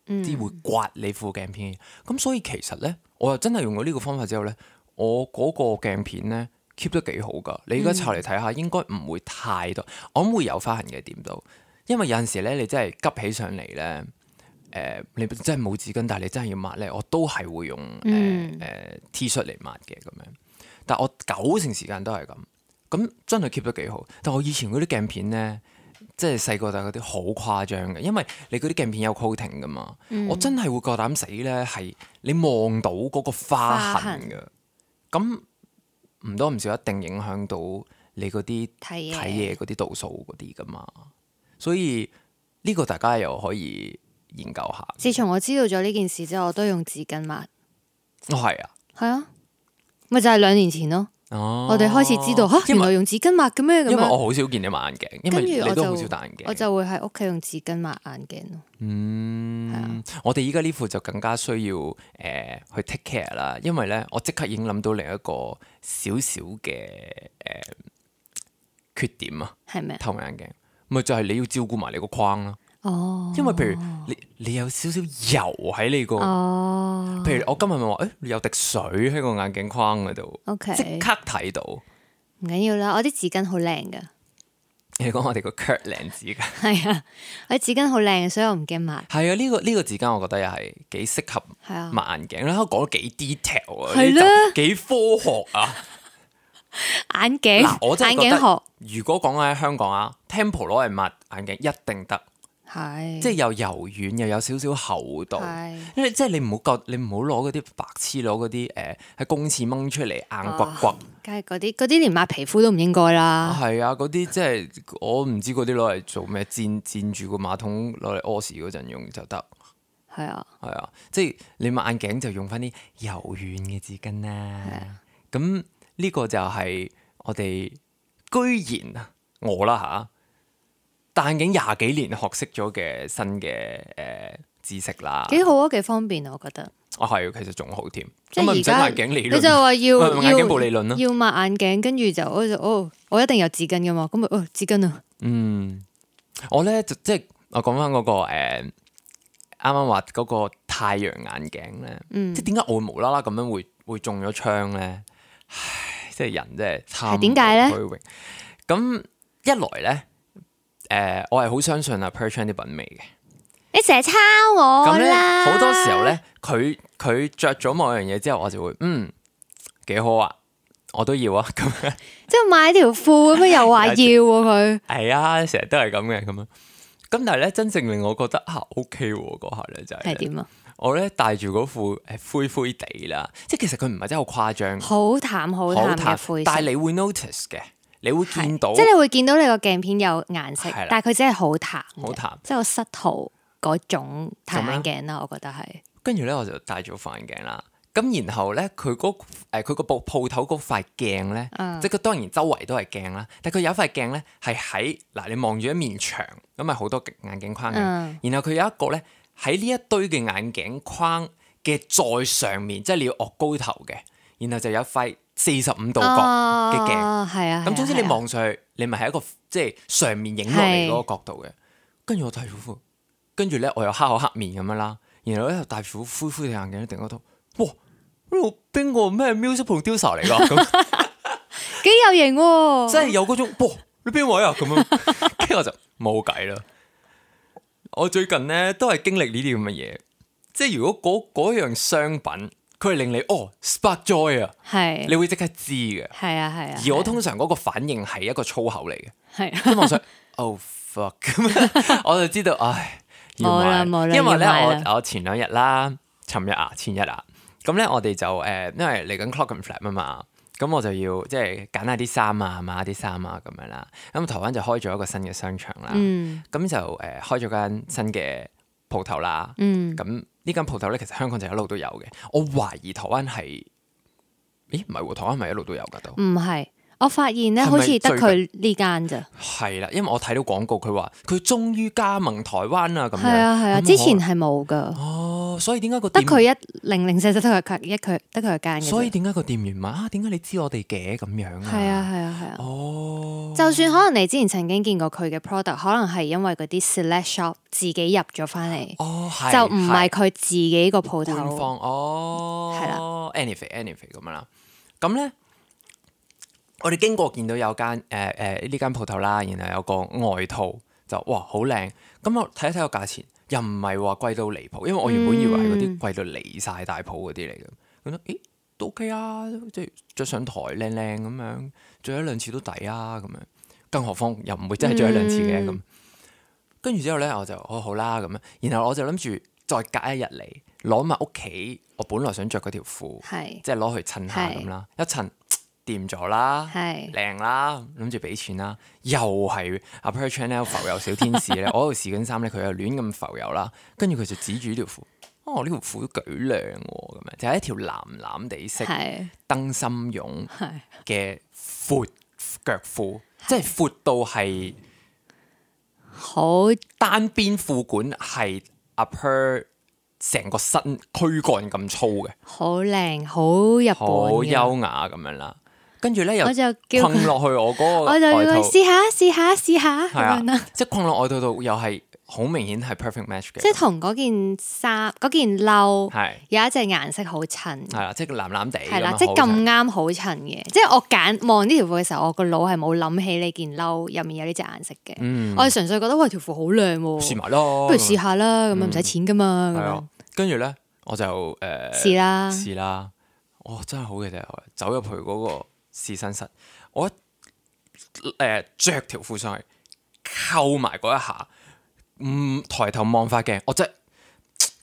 啲會刮你副鏡片嘅，咁、嗯、所以其實呢，我又真係用咗呢個方法之後呢，我嗰個鏡片呢 keep 得幾好噶。你而家拆嚟睇下，應該唔會太多，我諗會有花痕嘅點到，因為有陣時呢，你真係急起上嚟呢，誒、呃，你真係冇紙巾，但係你真係要抹呢，我都係會用誒誒、呃呃、T 恤嚟抹嘅咁樣。但我九成時間都係咁，咁真係 keep 得幾好。但我以前嗰啲鏡片呢。即係細個戴嗰啲好誇張嘅，因為你嗰啲鏡片有 coating 噶嘛，嗯、我真係會夠膽死咧，係你望到嗰個花痕噶，咁唔多唔少一定影響到你嗰啲睇嘢嗰啲度數嗰啲噶嘛，所以呢、這個大家又可以研究下。自從我知道咗呢件事之後，我都用紙巾抹。哦，係啊，係啊，咪就係兩年前咯。Oh, 我哋開始知道，吓、啊、為原來用紙巾抹嘅咩？咁因為我好少見你抹眼鏡，因為跟於 你都好少戴眼鏡。我就會喺屋企用紙巾抹眼鏡咯。嗯，Yeah. 我哋依家呢副就更加需要誒、呃、去 take care 啦，因為咧我即刻已經諗到另一個小小嘅誒、呃、缺點啊，係咩嗎？透明眼鏡咪就係、是、你要照顧埋你個框咯。哦，因為譬如你你有少少油喺呢個，哦、譬如我今日咪話，誒、欸、有滴水喺個眼鏡框嗰度，即 Okay, 刻睇到，唔緊要啦。我啲紙巾好靚噶，你講我哋個 Kirkland 紙巾，係啊，我啲紙巾好靚，所以我唔驚抹。係 *laughs* 啊，呢、這個呢、這個紙巾我覺得又係幾適合抹眼鏡啦。講咗幾 detail 啊，幾啊啊科學啊 *laughs* 眼鏡鏡，眼鏡學 *laughs* 如果講喺香港啊，Tempo 攞嚟抹眼鏡一定得。係，即係又柔軟又有少少厚度，因為是即係你唔好覺，你唔好攞嗰啲白痴攞嗰啲誒，喺公廁掹出嚟硬骨骨，梗係嗰啲嗰啲連抹皮膚都唔應該啦。係啊，嗰啲即係我唔知嗰啲攞嚟做咩，粘粘住個馬桶攞嚟屙屎嗰陣用就得。係啊，係啊，即係你抹眼鏡就用翻啲柔軟嘅紙巾啦。咁呢、啊、個就係我哋居然餓啦吓。戴眼鏡廿幾年學識咗嘅新嘅誒、呃、知識啦，幾好啊，幾方便啊，我覺得。哦係，其實仲好添。咪即係而家，就你就話要、嗯、要眼鏡部理論咯。要抹眼鏡，跟住，就我就哦，我一定有紙巾噶嘛。咁啊哦，紙巾啊。嗯，我咧就即係我講翻嗰個誒，啱啱話嗰個太陽眼鏡咧，嗯、即係點解我會無啦啦咁樣會會中咗槍咧？唉，即係人即係慘。係點解咧？咁一來咧。誒、呃，我係好相信啊，Perchan 啲品味嘅。你成日抄我。咁咧，好多時候咧，佢佢着咗某樣嘢之後，我就會嗯，幾好啊，我都要啊。咁即係買條褲咁樣又話要佢。係啊，成日、 *laughs* *laughs* *laughs* 啊、都係咁嘅咁樣。咁但係咧，真正令我覺得啊，OK 嗰下咧就係點啊？我咧戴住嗰副誒、呃、灰灰地啦，即係其實佢唔係真係好誇張，好淡好淡，淡嘅灰，但係你會 notice 嘅。你會見到，即係你會見到你個鏡片有顏色，的但係佢真係好淡嘅，淡即係個色調嗰種太陽鏡啦。我覺得係。跟住咧，我就戴咗副眼鏡啦。咁然後咧，佢嗰誒佢個鋪鋪頭嗰塊鏡咧，嗯、即係佢當然周圍都係鏡啦。但係佢有一塊鏡咧係喺嗱，你望住一面牆，咁咪好多眼鏡框嘅。嗯、然後佢有一個咧喺呢一堆嘅眼鏡框嘅再上面，即係你要岳高頭嘅。然後就有一塊。四十五度角嘅鏡，係、哦、啊，咁總之你望上去，啊、你咪係一個即係上面影落嚟嗰個角度嘅、啊。跟住我大呼呼，跟住咧我又黑口黑面咁樣啦。然後咧戴副灰灰嘅眼鏡，突然間都，哇，呢個邊個咩 music producer 嚟噶？幾 *laughs* 有型，真係有嗰種，哇，你邊位啊咁樣。跟住我就冇計啦。我最近咧都係經歷呢啲咁嘅嘢，即係如果嗰嗰樣商品。佢係令你哦 spark joy 啊，是你會即刻知嘅。係啊係啊。啊而我通常嗰個反應係一個粗口嚟嘅。係、啊。咁我想 *laughs* oh fuck， *laughs* 我就知道唉。冇、哦、啦冇啦、啊啊呃。因為咧，我我前兩日啦，尋日啊，前日啊，咁咧我哋就誒，因為嚟緊 Clockenflap 啊嘛，咁我就要即係揀下啲衫啊，買下啲衫啊咁樣啦。咁台灣就開咗一個新嘅商場啦。嗯啦。咁就誒開咗間新嘅鋪頭啦，嗯，咁呢間鋪頭咧，其實香港就一路都有嘅。我懷疑台灣係，咦？唔係喎，台灣咪一路都有㗎都？唔係。我發現咧，好似得佢呢間咋，係啦，因為我睇到廣告，佢話佢終於加盟台灣啦，咁樣。係啊係啊，之前係冇噶。哦，所以點解個得佢一零零四舍得佢一佢得佢一間。所以點解個店員話？點解你知我哋嘅咁樣啊？係啊係啊係啊。哦。就算可能你之前曾經見過佢嘅 product，可能係因為嗰啲 select shop 自己入咗翻嚟，就唔係佢自己個鋪頭官方。哦，係啦 anyway anyway 咁樣啦，咁咧。我哋經過見到有間誒誒呢間鋪頭啦，然後有個外套就哇好靚，咁我睇一睇個價錢，又唔係話貴到離譜，因為我原本以為嗰啲貴到離晒大鋪嗰啲嚟嘅，覺得咦，都 OK 啊，即係着上台靚靚咁樣，着一兩次都抵啊，咁樣，更何況又唔會真係着一兩次嘅咁。跟住之後咧，我就哦好，好啦咁樣，然後我就諗住再隔一日嚟攞埋屋企，我本來想着嗰條褲，即係攞去襯下咁啦是，一襯。掂咗啦，是靚啦，諗住俾錢啦，又係阿 per Chanel 浮游小天使咧。 *laughs* 我度試緊衫咧，佢又亂咁浮游啦。跟住佢就指住條褲，哦，呢條褲都幾靚喎，咁樣就係、是、一條藍藍地色是燈芯絨嘅闊腳褲，是即係闊到係好單邊褲管係阿 per 成個身軀幹咁粗嘅，好靚，好日本，好優雅咁樣啦。跟住咧又困落去我嗰個外套，我就要去試下、試下、試下咁啦。即係困落我度度又係好明顯係 perfect match 嘅，即係同嗰件衫、嗰件褸係有一隻顏色好襯。係啦，即係藍藍地。係啦，即係咁啱好襯嘅。即係我揀望呢條褲嘅時候，我個腦係冇諗起呢件褸入面有呢隻顏色嘅。嗯，我係純粹覺得哇條褲好靚，試埋咯，不如試下啦，咁啊唔使錢噶嘛。跟住咧我就誒，試啦，試啦。哇，真係好嘅，真係走入去嗰個試身室，我誒着條褲上去扣埋嗰一下，唔、嗯，抬頭望塊鏡，我真，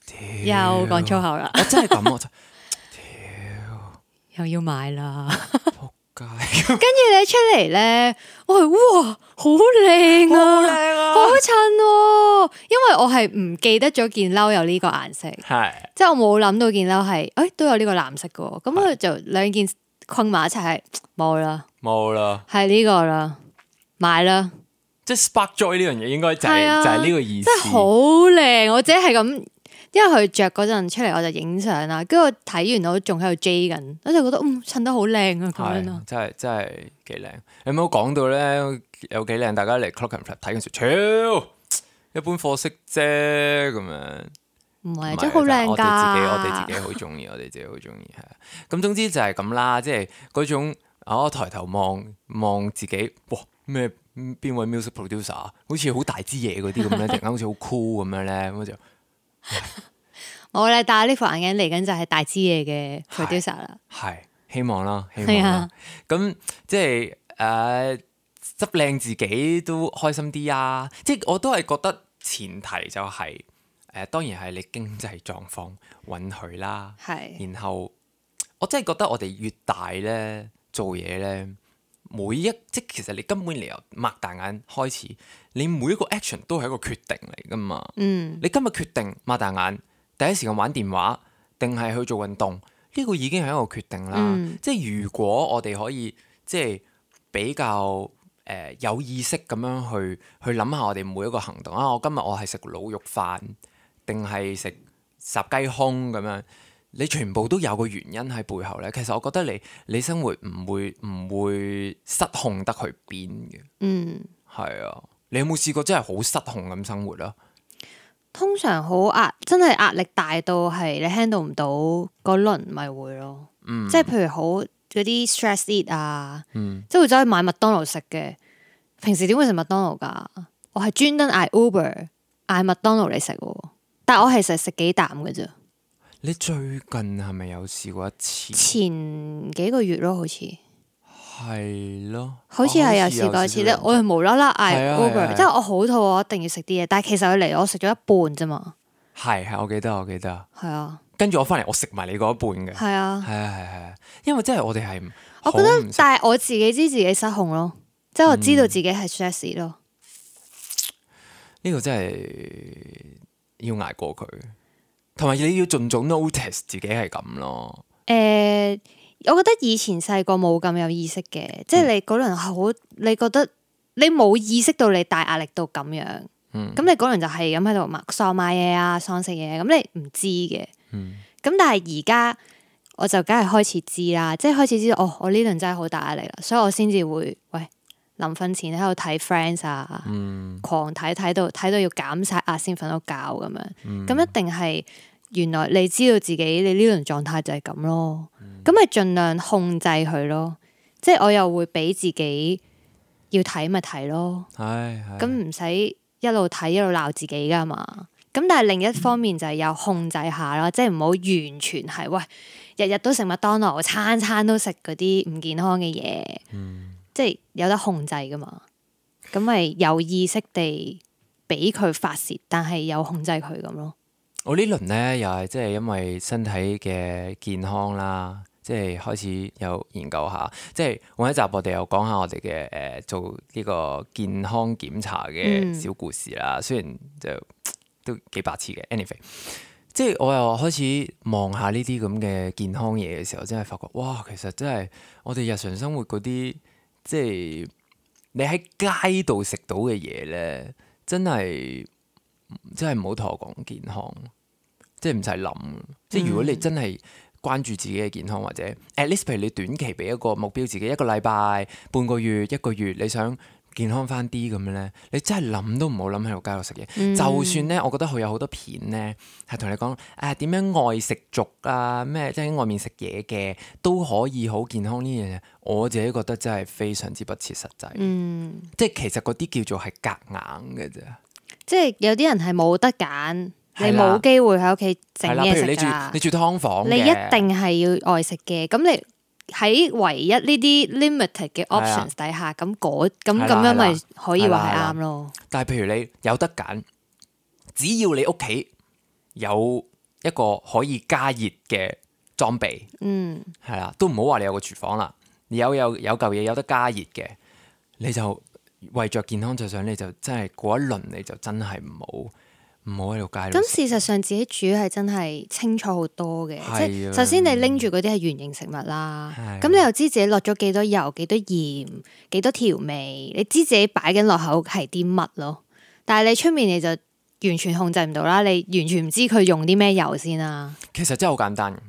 屌嘖，嘖又講粗口啦！我真係咁， *laughs* 我真，屌，又要買啦！仆街！跟住你出嚟咧，我係哇，好靚啊，啊好靚啊，好襯！因為我係唔記得咗件褸有呢個顏色，係，即係我冇諗到件褸係，哎、欸、都有呢個藍色嘅，咁佢就兩件。困埋一齊，冇啦，冇啦了，係呢個啦，買啦，即係 Spark Joy 呢樣嘢，應該就係、是啊、就係呢個意思，真係好靚，我即係咁，因為佢着嗰陣出嚟，我就影相啦，跟住我睇完我仲喺度 J 緊，我就覺得嗯襯得好靚啊咁樣啊，樣真係真係幾靚，有冇講到咧有幾靚？大家嚟 Clockenflap 睇緊時超一般貨色啫咁樣。唔係，真係好靚噶！我哋自己， *laughs* 我哋自己好中意， *laughs* 我哋自己好中意係咁，總之就係咁啦，即係嗰種我抬頭望望自己，哇咩邊位 music producer 啊？好似好大支嘢嗰啲咁咧， *laughs* 突然間好似好 cool 咁樣咧，咁 *laughs* 我就 *laughs* *laughs* 我咧戴呢副眼鏡嚟緊就係大支嘢嘅 producer 啦。係 *laughs* 希望啦，希望啦！咁 *laughs* 即係誒執靚自己都開心啲啊！即係我都係覺得前提就係、是。誒當然係你經濟狀況允許啦，係。然後我真係覺得我哋越大咧做嘢咧，每一即其實你根本嚟由擘大眼開始，你每一個 action 都係一個決定嚟噶嘛。嗯。你今日決定擘大眼第一時間玩電話，定係去做運動？呢個已經係一個決定啦。嗯、即係如果我哋可以即係比較誒、呃、有意識咁樣去去諗下我哋每一個行動啊，我今日我係食滷肉飯，定係食烚雞胸咁樣，你全部都有個原因喺背後咧。其實我覺得你你生活唔會唔會失控得去邊嘅。嗯，係啊，你有冇試過真係好失控咁生活啦？通常好壓，真係壓力大到係你 handle 唔到嗰輪咪會咯。嗯，即係譬如好嗰啲 stress eat 啊，嗯，即係會走去買麥當勞食嘅。平時點會食麥當勞噶？我係專登嗌 Uber 嗌麥當勞嚟食。但我其實食幾啖嘅啫。你最近係咪有試過一次？前幾個月咯，好似係咯，好似係有試過一次咧。我係無啦啦嗌，即係我好肚餓，我一定要食啲嘢。但係其實佢嚟，我食咗一半啫嘛。係係、啊，我記得，我記得。係啊。跟住我翻嚟，我食埋你嗰一半嘅。係啊，係啊，係啊，啊，因為真係我哋係，我覺得，但係我自己知自己失控咯，即係我知道自己係 stress 咯。呢、嗯嗯這個真係。嗯要挨過佢，同埋你要盡早 notice 自己係咁咯。誒、欸，我覺得以前細個冇咁有意識嘅，即係、嗯、你嗰輪好，你覺得你冇意識到你大壓力到咁樣，咁、嗯、你嗰輪就係咁喺度買喪買嘢啊，喪食嘢，咁、啊、你唔知嘅。咁、嗯、但係而家我就梗係開始知啦，即係開始知道、就是、始知道哦，我呢輪真係好大壓力啦，所以我先至會喂。臨瞓前喺度睇 Friends 啊，嗯、狂睇睇到睇到要減晒壓先瞓到覺咁樣，咁、嗯、一定係原來你知道自己你呢輪狀態就係咁咯，咁咪盡量控制佢咯，即係我又會俾自己要睇咪睇咯，咁唔使一路睇一路鬧自己噶嘛，咁但係另一方面就係有控制下啦，即係唔好完全係喂日日都食麥當勞，餐餐都食嗰啲唔健康嘅嘢。嗯即係有得控制噶嘛？咁咪有意識地俾佢發洩，但係有控制佢咁咯。我呢輪咧又係即係因為身體嘅健康啦，即係開始有研究下。即係下一集我哋又講下我哋嘅誒做呢個健康檢查嘅小故事啦。嗯、雖然就都幾白痴嘅，anything。Anyway, 即係我又開始望下呢啲咁嘅健康嘢嘅時候，真係發覺哇，其實真係我哋日常生活嗰啲。即係你喺街度食到嘅嘢呢，真係真係唔好同我講健康，即係唔使諗。嗯、即係如果你真係關注自己嘅健康，或者 at least 譬如你短期俾一個目標自己一個禮拜、半個月、一個月，你想，健康翻啲咁樣咧，你真係諗都唔好諗喺度街度食嘢。嗯、就算咧，我覺得佢有好多片咧，係同你講誒，點樣外食族啊，咩即係喺外面食嘢嘅都可以好健康呢樣嘢。我自己覺得真係非常之不切實際。嗯即，即係其實嗰啲叫做係隔硬嘅啫。即係有啲人係冇得揀，你冇機會喺屋企整食。譬如你住你住劏房，你一定係要外食嘅。咁你。喺唯一呢啲 limited 嘅 options 底下，咁嗰咁咁樣咪可以話係啱咯。但係譬如你有得揀，只要你屋企有一個可以加熱嘅裝備，嗯，係啦，都唔好話你有個廚房啦，有有有舊嘢有得加熱嘅，你就為着健康着想，你就真係過一輪你就真係唔好。唔好喺條街度。咁事實上自己煮係真係清楚好多嘅，啊、即係首先你拎住嗰啲係原型食物啦，咁、啊、你又知自己落咗幾多油、幾多鹽、幾多調味，你知自己擺緊落口係啲乜咯。但係你出面你就完全控制唔到啦，你完全唔知佢用啲咩油先啦。其實真係好簡單，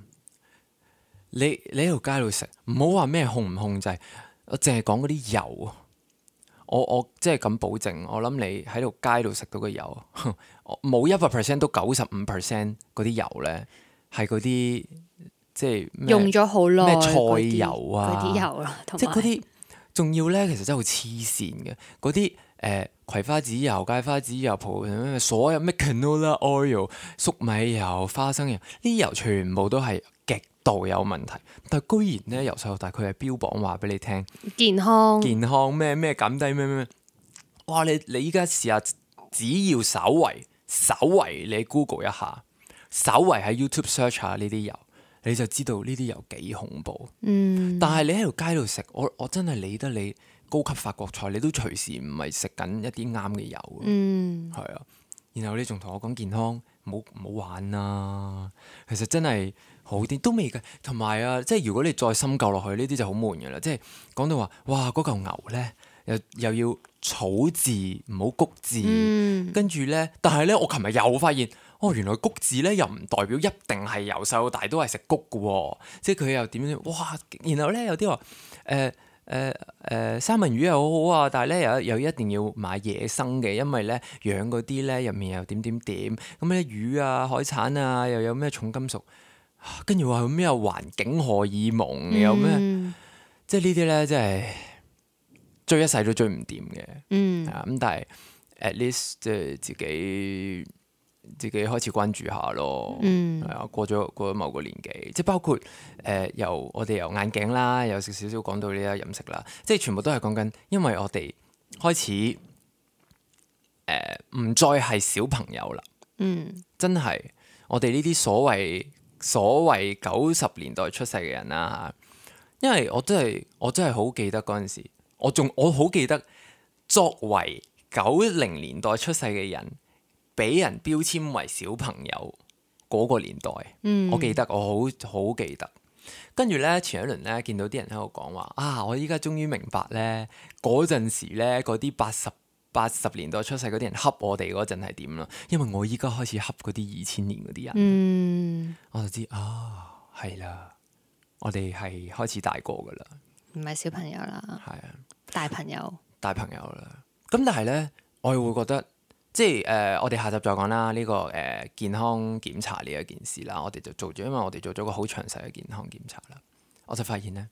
你你喺條街度食，唔好話咩控唔控制，我淨係講嗰啲油。我我即係咁保證，我諗你喺條街度食到嘅油。 *laughs* 冇一百 percent，都九十五 percent 嗰啲油咧，係嗰啲即係用咗好耐咩菜油啊，嗰啲油啦、啊，即係嗰啲仲要咧，其實真係好黐線嘅。嗰啲誒葵花籽油、芥花籽油、所有咩 canola oil、粟米油、花生油，呢啲油全部都係極度有問題。但係居然咧，由細到大佢係標榜話俾你聽健康，健康咩咩減低咩咩。哇！你你依家試下，只要稍微～稍為你 Google 一下，稍為喺 YouTube search 下呢啲油，你就知道呢啲油幾恐怖。嗯，但係你喺條街度食，我我真係理得你高級法國菜，你都隨時唔係食緊一啲啱嘅油。嗯，係啊。然後你仲同我講健康，唔好唔好玩啊？其實真係好啲都未㗎。同埋啊，即係如果你再深究落去，呢啲就好悶㗎啦。即係講到話，哇嗰嚿牛咧，又又要～草字唔好谷字。嗯、跟住呢。但係呢，我琴日又發現，哦，原來谷字呢又唔代表一定係由細到大都係食谷嘅，即係佢又點點，哇！然後呢，有啲話，誒誒誒，三文魚又好好啊，但係呢又又一定要買野生嘅，因為呢，養嗰啲呢入面又點點點，咁呢魚啊海產啊又有咩重金屬，啊、跟住話有咩環境荷爾蒙，有咩，即係呢啲呢，即係。追一世都追唔掂嘅，嗯，啊咁，但係 at least 即、呃、係自己自己開始關注下咯，嗯，係啊，過咗過咗某個年紀，即係包括誒、呃、由我哋由眼鏡啦，有少少少講到呢家飲食啦，即係全部都係講緊，因為我哋開始誒唔、呃、再係小朋友啦，嗯，真係我哋呢啲所謂所謂九十年代出世嘅人啦，因為我真係我真係好記得嗰陣時。我仲我好記得，作為九零年代出世嘅人，俾人標籤為小朋友嗰個年代，嗯、我記得，我好好記得。跟住呢，前一輪呢，見到啲人喺度講話啊，我依家終於明白呢，嗰陣時呢，嗰啲八十八十年代出世嗰啲人恰我哋嗰陣係點啦。因為我依家開始恰嗰啲二千年嗰啲人，嗯、我就知啊，係、哦、啦，我哋係開始大個噶啦，唔係小朋友啦，係啊。大朋友，大朋友啦。咁但係咧，我又會覺得，即係誒、呃，我哋下集再講啦。呢、這個誒、呃、健康檢查呢一件事啦，我哋就做咗，因為我哋做咗個好詳細嘅健康檢查啦。我就發現咧，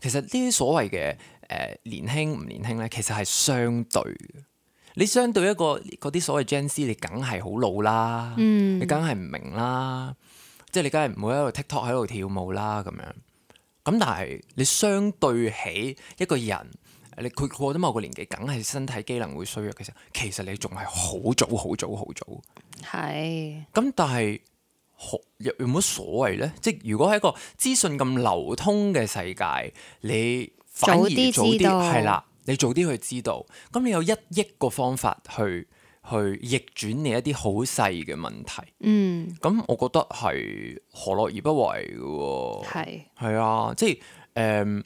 其實呢啲所謂嘅誒年輕唔年輕咧，其實係相對嘅。你相對一個嗰啲所謂 Gen Z，你梗係好老啦，嗯、你梗係唔明啦，即係你梗係唔會喺度 TikTok 喺度跳舞啦咁樣。咁但係你相對起一個人。你佢過咗某個年紀，梗係身體機能會衰弱嘅時候，其實你仲係好早、好早、好早。係是。咁但係好有有冇所謂咧？即係如果喺一個資訊咁流通嘅世界，你反而早啲係啦，你早啲去知道。咁你有一億個方法去去逆轉你一啲好細嘅問題。嗯。咁我覺得係何樂而不為嘅喎、啊。係是。係啊，即係誒。呃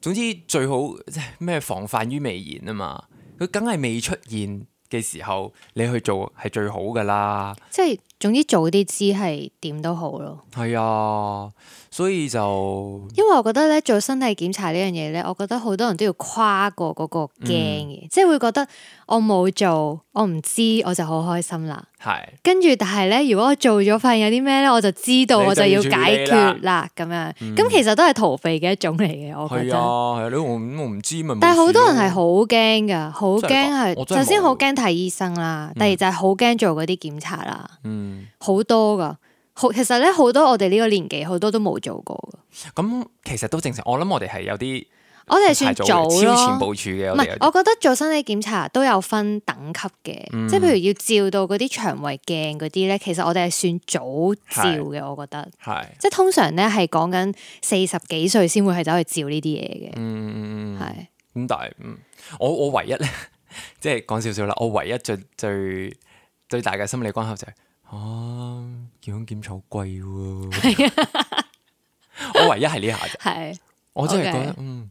總之最好咩防範於未然啊嘛，佢梗係未出現嘅時候你去做係最好噶啦。即係總之早啲知係點都好咯。係啊、哎，所以就因為我覺得咧做身體檢查呢樣嘢咧，我覺得好多人都要跨過嗰個驚嘅，嗯、即係會覺得我冇做，我唔知我就好開心啦。係，是跟住但係咧，如果我做咗發現有啲咩咧，我就知道我就要解決啦，咁樣，咁、嗯、其實都係逃避嘅一種嚟嘅，嗯、我覺得。係啊，啊，我唔知咪。但係好多人係好驚噶，好驚係，首先好驚睇醫生啦，嗯、第二就係好驚做嗰啲檢查啦，嗯，好多噶，好其實咧好多我哋呢個年紀好多都冇做過噶。咁其實都正常，我諗我哋係有啲。我哋係算早咯，超前部署嘅。是我，我覺得做身體檢查都有分等級嘅，嗯、即係譬如要照到嗰啲腸胃鏡嗰啲咧，其實我哋係算早照嘅。是 我覺得係，是 即係通常咧係講緊四十幾歲先會係走去照呢啲嘢嘅。嗯咁但係，我我唯一咧， *laughs* 即係講少少啦。我唯一最最最大嘅心理關口就係、是，哦、啊，健康檢查好貴喎、啊。 *laughs* *laughs* 我唯一係呢下嘅，係。 *laughs* 我真係覺得，嗯。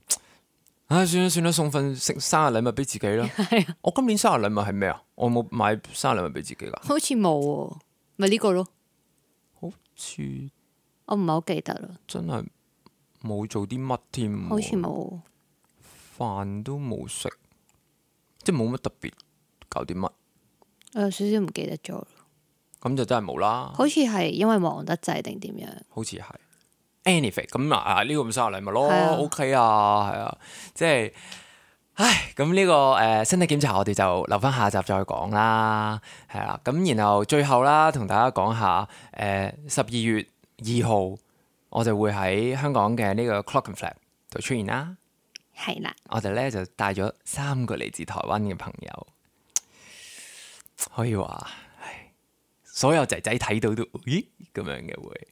唉，算啦算啦，送份食生日禮物俾自己啦。 *laughs* 我今年生日禮物係咩啊？我冇買生日禮物俾自己噶。好似冇，咪呢個咯？好似我唔係好記得咯。真係冇做啲乜添。好似冇，飯都冇食，即係冇乜特別搞啲乜。誒，少少唔記得咗咯。咁就真係冇啦。好似係因為忙得滯定點樣？好似係。Anyway 咁啊呢、這個唔算話禮物咯是、啊、，OK 啊，係啊，即係，唉，咁、這、呢個誒、呃、身體檢查我哋就留翻下集再講啦，係啦、啊，咁然後最後啦，同大家講下，誒十二月二號我就會喺香港嘅呢個 Clock and Flap 度出現啦，係啦是、啊，我哋咧就帶咗三個嚟自台灣嘅朋友，可以話，唉，所有仔仔睇到都咦咁、哎、樣嘅會。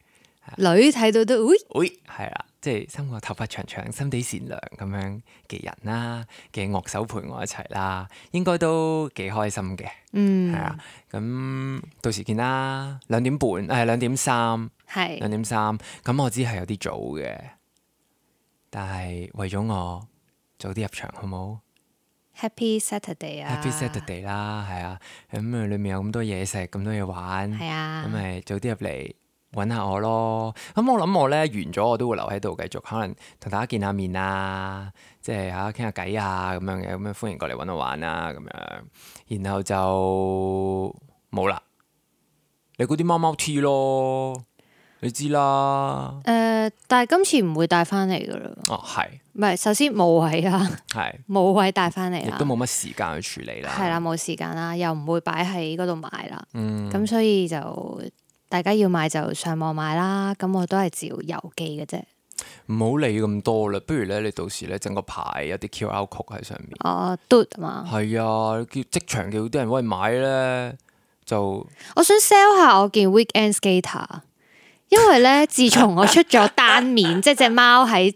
女睇到都，喂係啦，即係三個頭髮長長、心地善良咁樣嘅人啦，嘅樂手陪我一齊啦，應該都幾開心嘅、嗯啊。嗯，係啊，咁到時見啦，兩點半，誒、哎，兩點三，係兩點三，咁我知係有啲早嘅，但係為咗我早啲入場好唔好？Happy Saturday，Happy 啊 Happy Saturday 啦，係啊，咁、嗯、啊，裏面有咁多嘢食，咁多嘢玩，係啊，咁咪早啲入嚟。搵下我咯，咁、嗯、我諗我咧完咗，我都會留喺度，繼續可能同大家見下面啊，即係吓傾下偈啊，咁樣嘅咁樣歡迎過嚟搵我玩啊，咁樣，然後就冇啦。你嗰啲貓貓 T 咯，你知啦。誒、呃，但係今次唔會帶翻嚟噶啦。哦，係。唔係，首先冇位啊，係，冇位帶翻嚟，亦都冇乜時間去處理啦。係啦，冇時間啦，又唔會擺喺嗰度賣啦。嗯，咁所以就。大家要買就上網買啦，咁我都係照郵寄嘅啫。唔好理咁多啦，不如咧你到時咧整個牌有啲 QR code 喺上面。哦嘟嘛？係啊，叫即場叫啲人喂買咧就。我想 sell 下我件 Weekend Skater，因為咧自從我出咗單面， *laughs* 即係隻貓喺。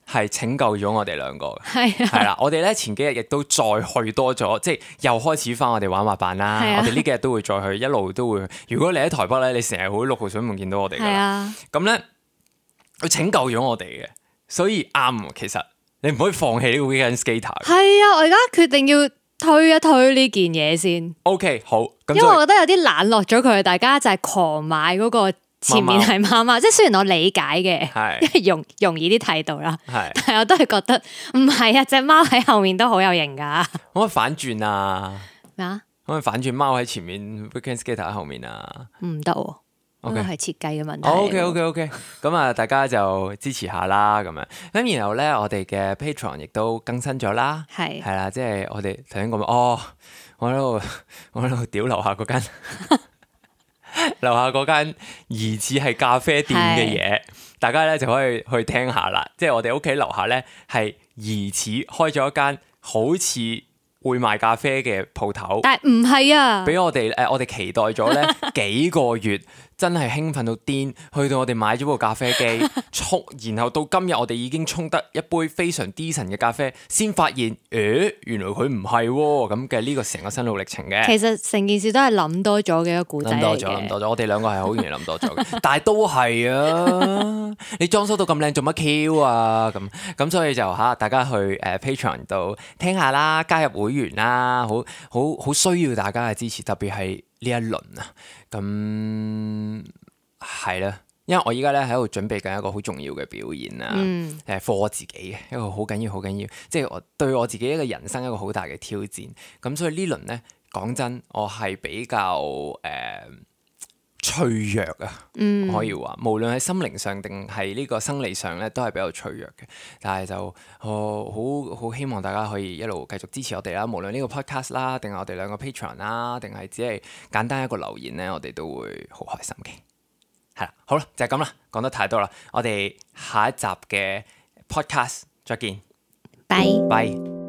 係拯救咗我哋兩個，係啦是、啊，我哋咧前幾日亦都再去多咗，即係又開始翻我哋玩滑板啦。是啊、我哋呢幾日都會再去，一路都會。如果你喺台北咧，你成日會六號水門見到我哋噶。咁咧是、啊，佢拯救咗我哋嘅，所以啱。其實你唔可以放棄呢個 weekend skater。係啊，我而家決定要推一推呢件嘢先。OK，好。因為我覺得有啲冷落咗佢，大家就係狂買嗰、那個。前面係貓貓，即係雖然我理解嘅，是因為容容易啲睇到啦，是但係我都係覺得唔係啊！隻貓喺後面都好有型噶，可唔可以反轉啊？咩啊麼？可唔可以反轉貓喺前面 weekend skater 喺後面啊？唔得、哦，都係設計嘅問題 okay.、哦。OK OK OK，咁啊，大家就支持下啦，咁樣咁然後咧，我哋嘅 Patreon 亦都更新咗啦，係係啦，即係、就是、我哋頭先講，哦，我喺度我喺度屌樓下嗰間。樓下嗰間疑似係咖啡店嘅嘢，係大家咧就可以去聽下啦。即係我哋屋企樓下咧係疑似開咗一間好似會賣咖啡嘅鋪頭，但係唔係啊！俾我哋誒，我哋期待咗咧幾個月。 *laughs* 真係興奮到癲，去到我哋買咗部咖啡機沖， *laughs* 然後到今日我哋已經沖得一杯非常 d 神嘅咖啡，先發現，誒、欸，原來佢唔係喎，咁嘅呢個成個心路歷程嘅。其實成件事都係諗多咗嘅一個故仔諗多咗，諗多咗， *laughs* 我哋兩個係好容易諗多咗嘅， *laughs* 但係都係啊！你裝修到咁靚，做乜 Q 啊？咁咁，所以就嚇、啊、大家去誒 p a t r o n 度聽下啦，加入會員啦，好好好，好，好需要大家嘅支持，特別係。呢一輪啊，咁係啦，因為我依家咧喺度準備緊一個好重要嘅表演啊，誒 for 自己嘅一個好緊要、好緊要，即係我對我自己一個人生一個好大嘅挑戰。咁所以呢輪咧，講真，我係比較誒，欸脆弱啊，可以話，無論喺心靈上定係呢個生理上咧，都係比較脆弱嘅。但係就我好好希望大家可以一路繼續支持我哋啦，無論呢個 Podcast 啦，定係我哋兩個 Patreon 啦，定係只係簡單一個留言咧，我哋都會好開心嘅。係啦，好啦，就係咁啦，講得太多啦，我哋下一集嘅 Podcast 再見，拜拜。